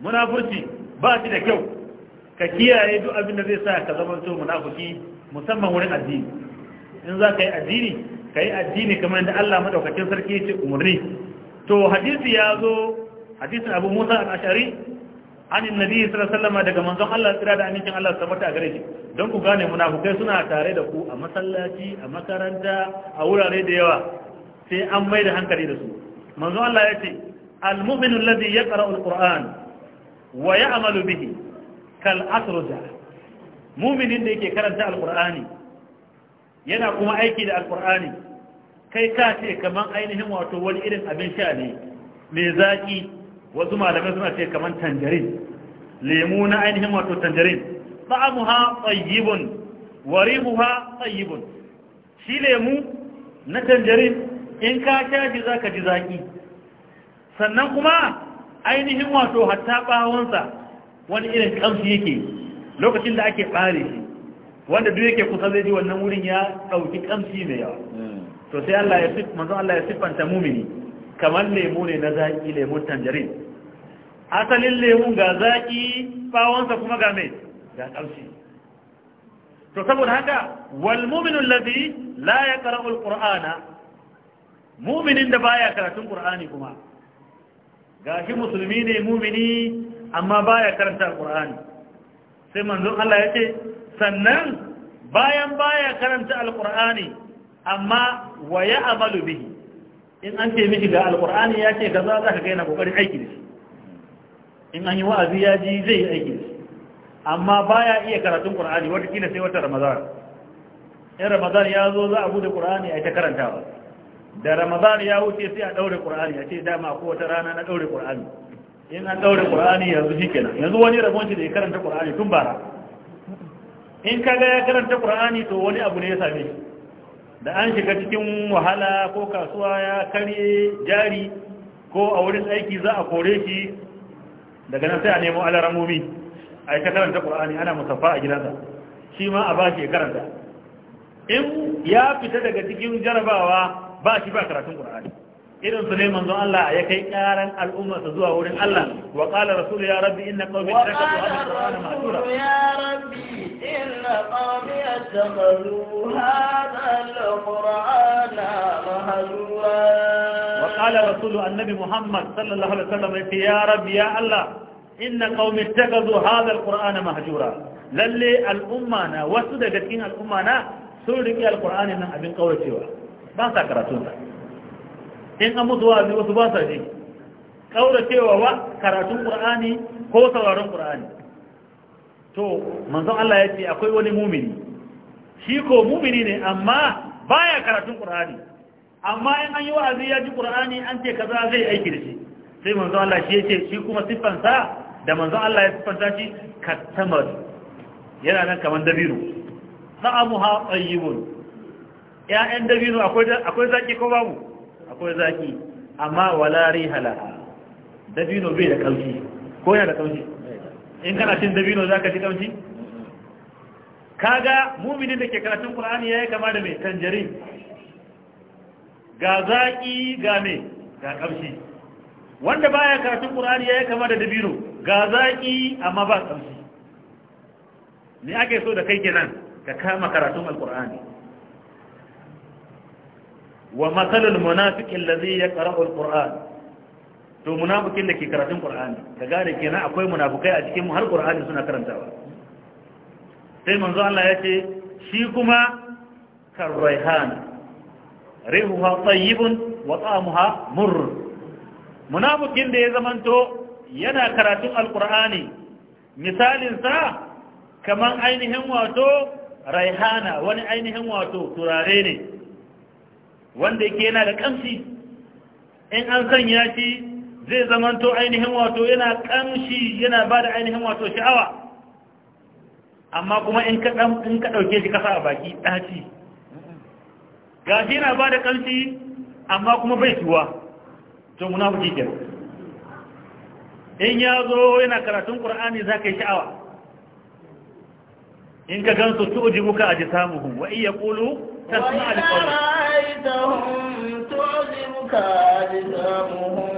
munafurci ba shi da kyau ka kiyaye duk abin da zai sa ka zama to munafiki musamman wurin addini in za ka yi addini ka yi addini kamar yadda Allah madaukakin sarki ya ce umarni to hadisi ya zo hadisin abu musa al-ashari an yi nabi alaihi sallama daga manzon Allah tsira da amincin Allah tabbata a gare shi don ku gane munafukai suna tare da ku a masallaci a makaranta a wurare da yawa sai an mai da hankali da su manzon Allah ya ce al-mu'minu alladhi yaqra'u al wa ya'malu bihi kal asrja mu'minin da yake karanta al-qur'ani yana kuma aiki da alkur'ani kai ka ce kaman ainihin wato wani irin abin sha ne mai zaki wasu malamai suna ce kaman tanjarin lemu na ainihin wato tanjarin ta'amuha tayyibun wa rihuha tayyibun shi lemu na tanjarin in ka sha shi zaka ji zaki sannan kuma ainihin wato hatta bawonsa wani irin kamshi yake lokacin da ake bare shi wanda duk yake kusa zai ji wannan wurin ya ɗauki kamshi mai yawa to sai Allah ya sif manzo Allah ya siffanta mumini kamar lemu ne na zaki lemun tanjarin asalin lemun ga zaki bawansa kuma ga mai ga kamshi to saboda haka wal mu'minu allazi la yaqra'u al-qur'ana mu'minin da baya karatun qur'ani kuma gashi musulmi ne mu'mini amma baya karanta al-qur'ani sai manzon Allah ya ce sannan bayan baya karanta alkur'ani amma wa ya amalu bihi in an ce miki ga alkur'ani ya ce ga za ka ga yana kokarin aiki da shi in an yi wa'azi ya ji zai yi aiki da shi amma baya iya karatun qur'ani wata kila sai wata ramadan in ramadan ya zo za a bude qur'ani a ta karantawa da ramadan ya wuce sai a daure ƙur'ani a ce dama ko wata rana na daure kur'ani in an daure qur'ani yanzu shikenan yanzu wani rabon shi da ya karanta qur'ani tun bara in kaga ya karanta qur'ani to wani abu ne ya same shi da an shiga cikin wahala ko kasuwa ya karye jari ko a wurin aiki za a kore shi daga nan sai a nemo alaramomi a yi karanta qur'ani ana musaffa a gidansa shi ma a ba shi ya karanta in ya fita daga cikin jarabawa ba shi ba karatun qur'ani irin su ne manzon Allah ya kai karan al'ummarsa zuwa wurin Allah wa qala rasulu ya rabbi inna qawmi ittakhadhu hadha al-qur'ana mahjura ya rabbi inna qawmi ittakhadhu hadha al-qur'ana mahjura wa qala rasulu annabi muhammad sallallahu alaihi wasallam ya rabbi ya Allah inna qawmi ittakhadhu hadha al-qur'ana mahjura lalle al'umma na wasu daga cikin al'umma na sun riƙe alƙur'ani nan abin kauracewa ba sa karatunsa in an musu wa'azi wasu ba sa ji cewa wa karatun qur'ani ko sauraron qur'ani to manzon Allah ya ce akwai wani mumini shi ko mumini ne amma baya karatun qur'ani amma in an yi wa'azi ya ji qur'ani an ce kaza zai aiki da shi sai manzon Allah shi yace shi kuma siffansa da manzon Allah ya siffanta shi kattamar yana nan kaman dabino sa'amuha ayyibun ya'yan dabino akwai akwai zaki ko babu akwai zaki amma wala rihala. dabino bai da kaushi ko yana da kaushi in kana cin dabino zaka ci kaushi kaga muminin da ke karatun Qur'ani yayi kama da mai tanjari ga zaki ga me ga kaushi wanda baya karatun Qur'ani yayi kama da dabino ga zaki amma ba kaushi ne ake so da kai kenan ka kama karatun al wa matsalul munafikin lazi ya ƙara'ul ƙura'an to munafikin da ke karatun ƙura'ani ka gane kenan akwai munafukai a cikin har ƙura'ani suna karantawa sai manzo Allah ya ce shi kuma karraihan rihuha tayyibun wa ta'amuha murr munafikin da ya zamanto yana karatun alƙura'ani misalin sa kaman ainihin wato raihana wani ainihin wato turare ne wanda yake yana da kamshi in an sanya shi zai zamanto ainihin wato yana kamshi yana ba da ainihin wato sha'awa amma kuma in ka ɗauke shi kasa a baki ɗaci shi yana ba da kamshi amma kuma bai tuwa to munafiki ke in ya zo yana karatun ƙur'ani za ka yi sha'awa in ka gansu tu'jibuka ajsamuhum wa iya yaqulu تسمع القول رأيتهم تعجبك أجسامهم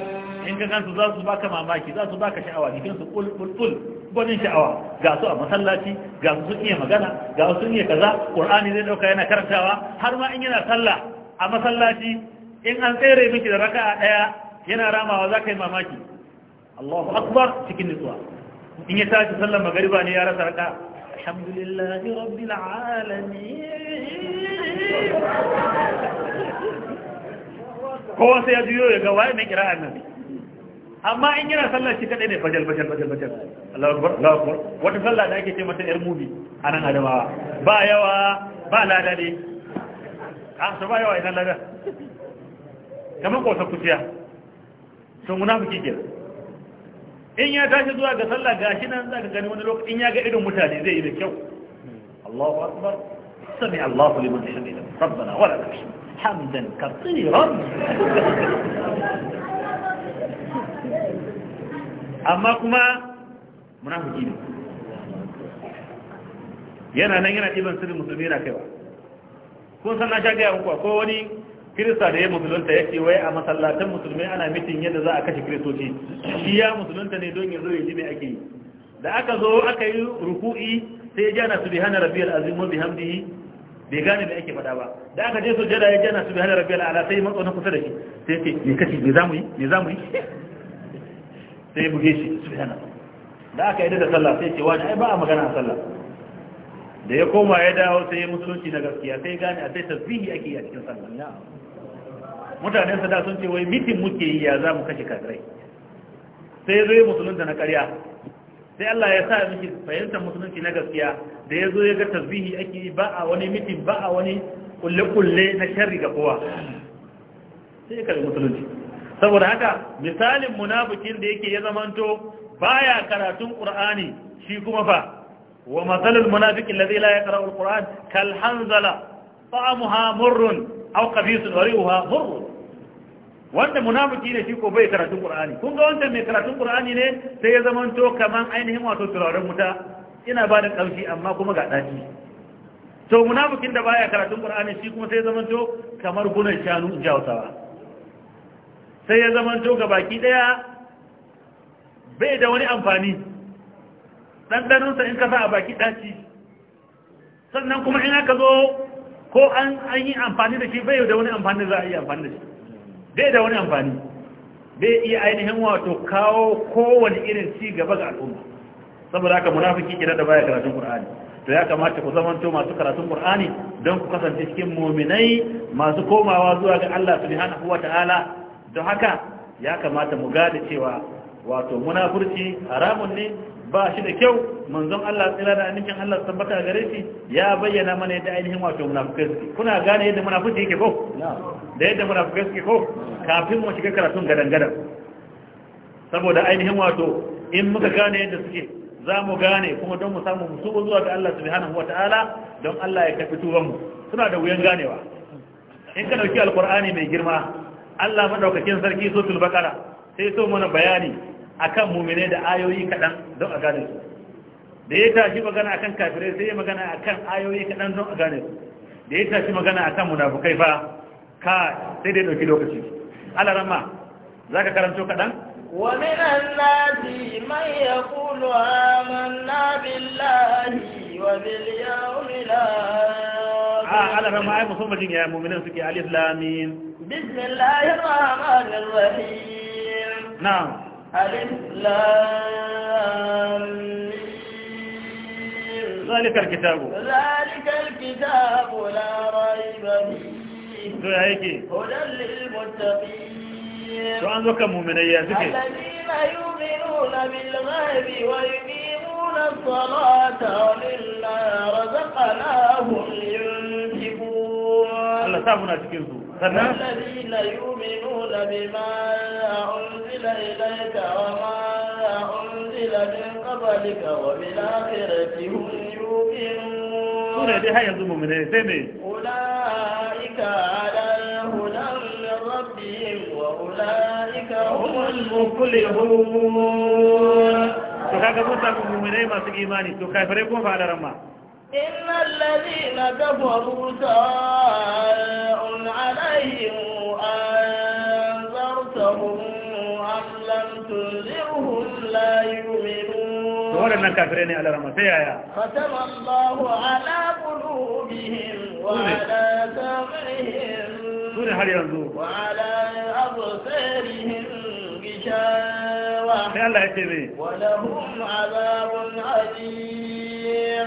in ka gansu za su baka mamaki za su baka sha'awa jikinsu su kul kul sha'awa ga su a masallaci ga su sun iya magana ga su sun iya kaza qur'ani zai ɗauka yana karantawa har ma in yana sallah a masallaci in an tsere miki da raka a daya yana ramawa za ka yi mamaki Allahu akbar cikin nutsuwa in ya tashi sallar magariba ne ya rasa raka'a alhamdulillahi rabbil alamin kowa sai ya juyo ya gawa ya mai kira nan amma in yana sallah shi kadai ne fajal fajal fajal fajal Allahu akbar Allahu akbar wata sallah da ake ce mata yar mubi anan adamawa ba yawa ba lada ne a so ba yawa idan lada kamar kosa kutiya. to munafiki kike in ya tashi zuwa ga sallah gashi nan zaka gani wani lokaci in ya ga irin mutane zai yi da kyau Allahu akbar سمع الله لمن حمده ربنا ولا الحمد حمدا كثيرا amma kuma munafiki yana nan yana ɗiban sirri musulmi na kaiwa kun san na sha gaya muku ko wani kirista da ya musulunta ya ce wai a masallatan musulmi ana mitin yadda za a kashe kiristoci shi ya musulunta ne don yanzu ya ji mai ake yi da aka zo aka yi ruku'i sai ya jana subhana rabbiyal azim wa bihamdihi bai gane me ake faɗa ba da aka je sujjada ya jana su bi hada rabbi ala sai matsa na kusa da shi sai ce me kace me zamu yi me zamu yi sai buge shi hana da aka yi da sallah sai ce wani ai ba a magana a sallah da ya koma ya dawo sai ya musulunci na gaskiya sai gane a sai tasbihi ake yi a cikin sallah mutanen sada sun ce wai mitin muke yi ya zamu kashe kafirai sai ya zo ya musulunta na ƙarya sai Allah ya sa miki fahimtar musulunci na gaskiya da ya zo ya ga tasbihi ake yi ba a wani mitin ba a wani kulle-kulle na sharri ga kowa sai ya karbi musulunci saboda haka misalin munafikin da yake ya zamanto baya karatun qur'ani shi kuma fa wa masalul munafiqi alladhi la yaqra'u ƙurani kal hanzala ta'amuha murrun aw qabisun warihuha murrun wanda munafiki ne shi ko bai karatun qur'ani kun ga wanda mai karatun qur'ani ne sai ya zamanto kaman ainihin wato turaren wuta ina ba da ƙarfi amma kuma ga ɗaki to munafukin da baya karatun ƙur'ani shi kuma sai ya zamanto kamar gunan shanu jawtawa sai ya zamanto ga baki ɗaya bai da wani amfani ɗanɗanunsa in ka sa a baki ɗaci sannan kuma in aka zo ko an yi amfani da shi bai da wani amfani za a yi amfani da shi bai da wani amfani bai iya ainihin wato kawo kowane irin ci gaba ga al'umma saboda haka munafiki kenan da baya karatun qur'ani to ya kamata ku to masu karatun qur'ani don ku kasance cikin mu'minai masu komawa zuwa ga Allah subhanahu wataala don haka ya kamata mu gane cewa wato munafurci haramun ne ba shi da kyau manzon Allah tsira da annabin Allah tabbata gare shi ya bayyana mana yadda ainihin wato munafikai suke kuna gane yadda munafiki yake ko da yadda munafikai suke ko kafin mu shiga karatun gadan gadan saboda ainihin wato in muka gane yadda suke za mu gane kuma don mu samu mu tuba zuwa ga Allah subhanahu ta'ala don Allah ya tafi tuban mu suna da wuyan ganewa in ka dauki alqur'ani mai girma Allah madaukakin sarki suratul baqara sai so mana bayani akan mu'mine da ayoyi kadan don a gane su da ya tashi magana akan kafirai sai ya magana akan ayoyi kadan don a gane su da ya tashi magana akan munafukai fa ka sai dai dauki lokaci rahma zaka karanto kadan ومن الناس من يقول آمنا بالله وباليوم الآخر آه، على معي آية مصوبة يا مؤمنين سكي ألف لامين بسم الله الرحمن الرحيم نعم ألف لامين ذلك الكتاب ذلك الكتاب لا ريب فيه هدى للمتقين to an zo kan muminai ya suke wa yuqimuna Allah sa muna cikin su sannan alladina dai har yanzu muminai sai me ulaika humul muflihun to kaga mun saka mu ne masu imani to kai fare kuma fa daran ma innal ladina kafaru sa'un alaihim wadannan kafirai ne a larama sai yaya fatan allahu ala kudu bihin wa ala samunihin su ne har yanzu Wala ala absarihim gishawa sai Allah ya ce me wa lahum azabun aji.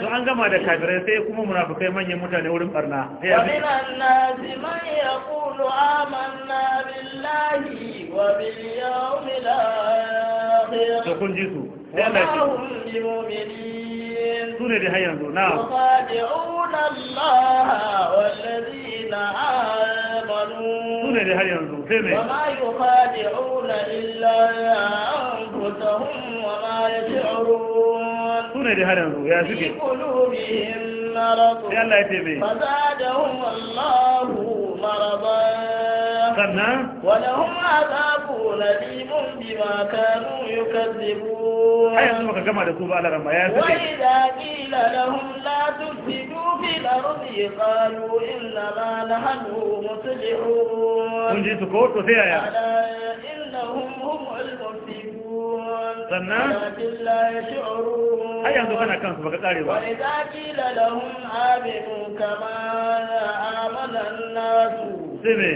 to an gama da kafirai sai kuma munafikai manyan mutane wurin barna sai ya min annasi man yaqulu amanna billahi wa bil yawmil akhir to kun ji su sai Allah ya ce سورة هيا نعم يخادعون الله والذين آمنوا ne dai har yanzu sai ne wa ma illa wa ma yash'urun su ne har yanzu ya suke qulubihim maradun Allah ya fazadahum Allahu sannan wa lahum adab نذير بما كانوا يكذبون أي أنه كما تكون على رمى وإذا قيل لهم لا تفسدوا في الأرض قالوا إنما نحن مصلحون كنت سكوت وسيا يا إنهم هم المفسدون ولكن لا يشعرون أي أنه كان كان سبق قاربا وإذا قيل لهم آمنوا كما آمن الناس sibe.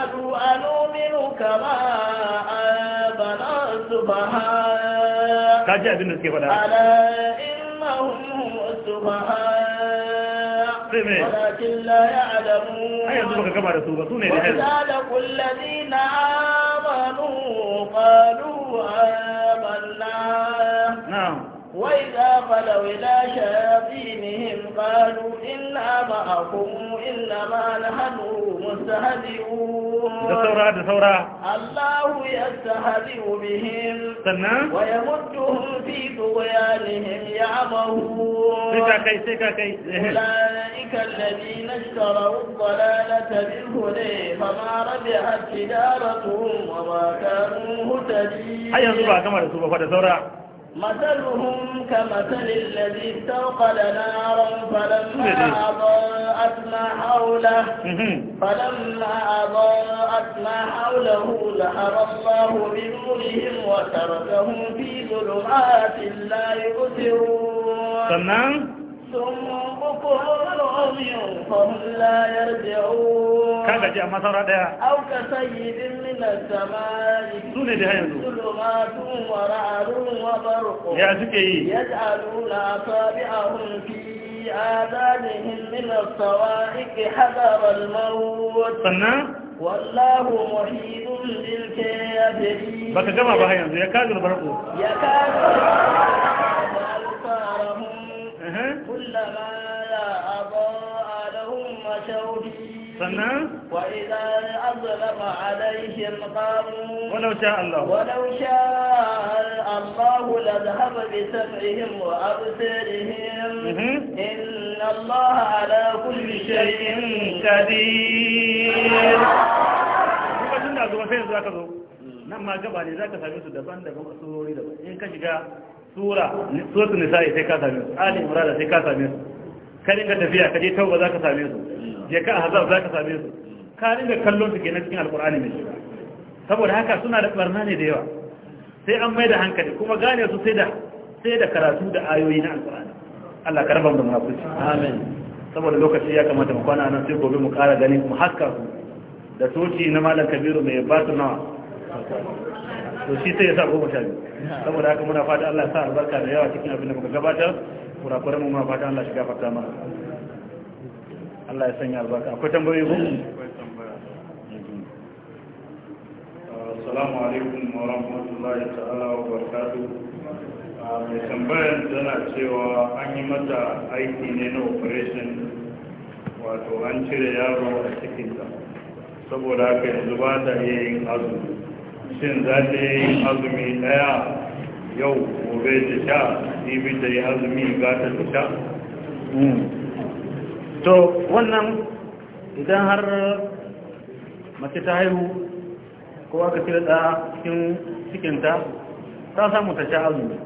Aru alu minu kama bana subaha. Kaji abin da suke faɗa. Ala inna subaha. Sibe. Walakin la ya adamu. Ai yanzu baka kama da su ba su ne da hanyar. Wata da kullazi na manu kalu a banna. Na'am. وإذا خلوا إلى شياطينهم قالوا إنا معكم إنما نحن مستهزئون دثورة دثورة الله يستهزئ بهم سنة ويمدهم في طغيانهم يعمهون أولئك الذين اشتروا الضلالة بالهدى فما ربحت تجارتهم وما كانوا مهتدين أي أنظر كما رسول الله مثلهم كمثل الذي استوقد نارا فلما أضاءت ما حوله فلما أضاءت ما حوله لحر الله بنورهم وتركهم في ظلمات لا يبصرون تمام ثم بكر عمي فهم لا يرجعون ka gaji amma saura daya au ka sayyidin min as-samai sune da yanzu zulumatun wa ra'dun wa barqun ya suke yi yaj'aluna asabi'ahum fi adanihim min as-sawa'iq hadara al-maut sannan والله محيط بالكافرين بك جمع بها ينزل يكاد البرقو يكاد أبصارهم كلما لا أضاء لهم مشوا فيه sannan wa idan azlama alaihim qamu walau sha Allah walau sha Allah la dhahaba bi sam'ihim wa absarihim inna Allah ala kulli shay'in qadir kuma tunda zuwa sai ka zo nan ma gaba ne zaka same su daban-daban a surori daban in ka shiga sura suratul nisa'i sai ka same su ali imran sai ka same su ka dinga tafiya ka je tauba zaka same su je ka ahzab za ka same su ka dinga kallon su kenan cikin al'kur'ani ne saboda haka suna da barna ne da yawa sai an mai da hankali kuma gane su sai da sai da karatu da ayoyi na alkur'ani Allah mu da munafiki amin saboda lokaci ya kamata mu kwana nan sai gobe mu kara gani mu haska su da soci na malam kabiru mai basu nawa to shi sai ya sa goma sha biyu saboda haka muna fata Allah ya sa albarka da yawa cikin abin da muka gabatar kurakuran mu muna fata Allah shiga fata mana Allah ya sanya albarka akwai tambayoyi ko akwai tambaya uh, assalamu alaikum wa rahmatullahi ta'ala wa barakatuh uh, mai tambayar tana cewa an yi mata aiki ne na operation wato an cire yaro a cikin cikinta saboda haka yanzu ba ta iya yin azumi shin za ta yin azumi daya yau gobe ta sha ibi ta yi azumi ga ta ta sha hmm. to wannan idan har mace ta haihu ko aka cire da cikin cikinta ta samu ta sha azumi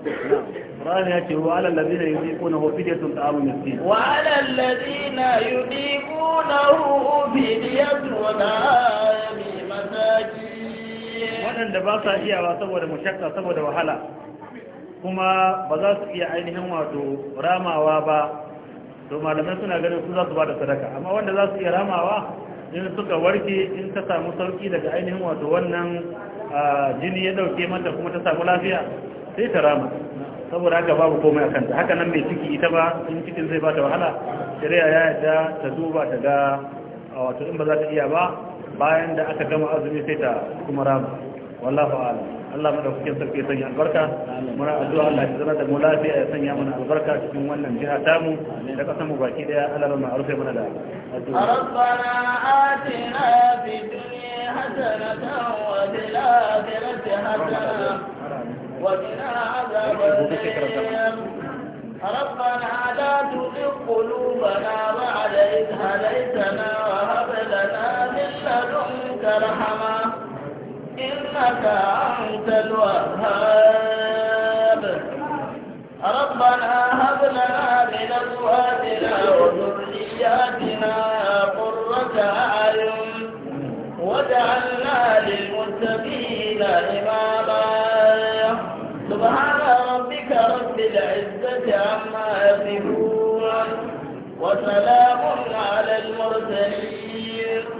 rani ya ce wa alal ladina yudiquna hu fidyatun ta'amu miskin wa alal ladina yudiquna hu fidyatun ta'amu masakin Waɗanda ba sa iyawa saboda mushakka saboda wahala kuma ba za su iya ainihin wato ramawa ba to malamai suna ganin su za su ba sadaka amma wanda za su iya ramawa in suka warke in ta samu sauki daga ainihin wato wannan jini ya dauke mata kuma ta samu lafiya sai ta rama saboda haka babu komai a kanta haka nan mai ciki ita ba in cikin zai bata wahala shari'a ya yadda ta duba ta ga wato in ba za ta iya ba bayan da aka gama azumi sai ta kuma rama wallahu a'lam Allah mu dauke sarki ya sanya albarka muna addu'a Allah ya zama da mu lafiya ya sanya mana albarka cikin wannan jiha tamu da kasan mu baki daya Allah ya rufe mana da addu'a rabbana atina fid dunya hasanatan wa fil akhirati hasanatan wa qina adhaban ربنا لا تزغ قلوبنا بعد إذ هديتنا وهب لنا من لدنك رحمه إنك أنت الوهاب ربنا هب لنا من أزواجنا وذرياتنا قرة أعين واجعلنا للمتقين إماما سبحان ربك رب العزة عما يصفون وسلام على المرسلين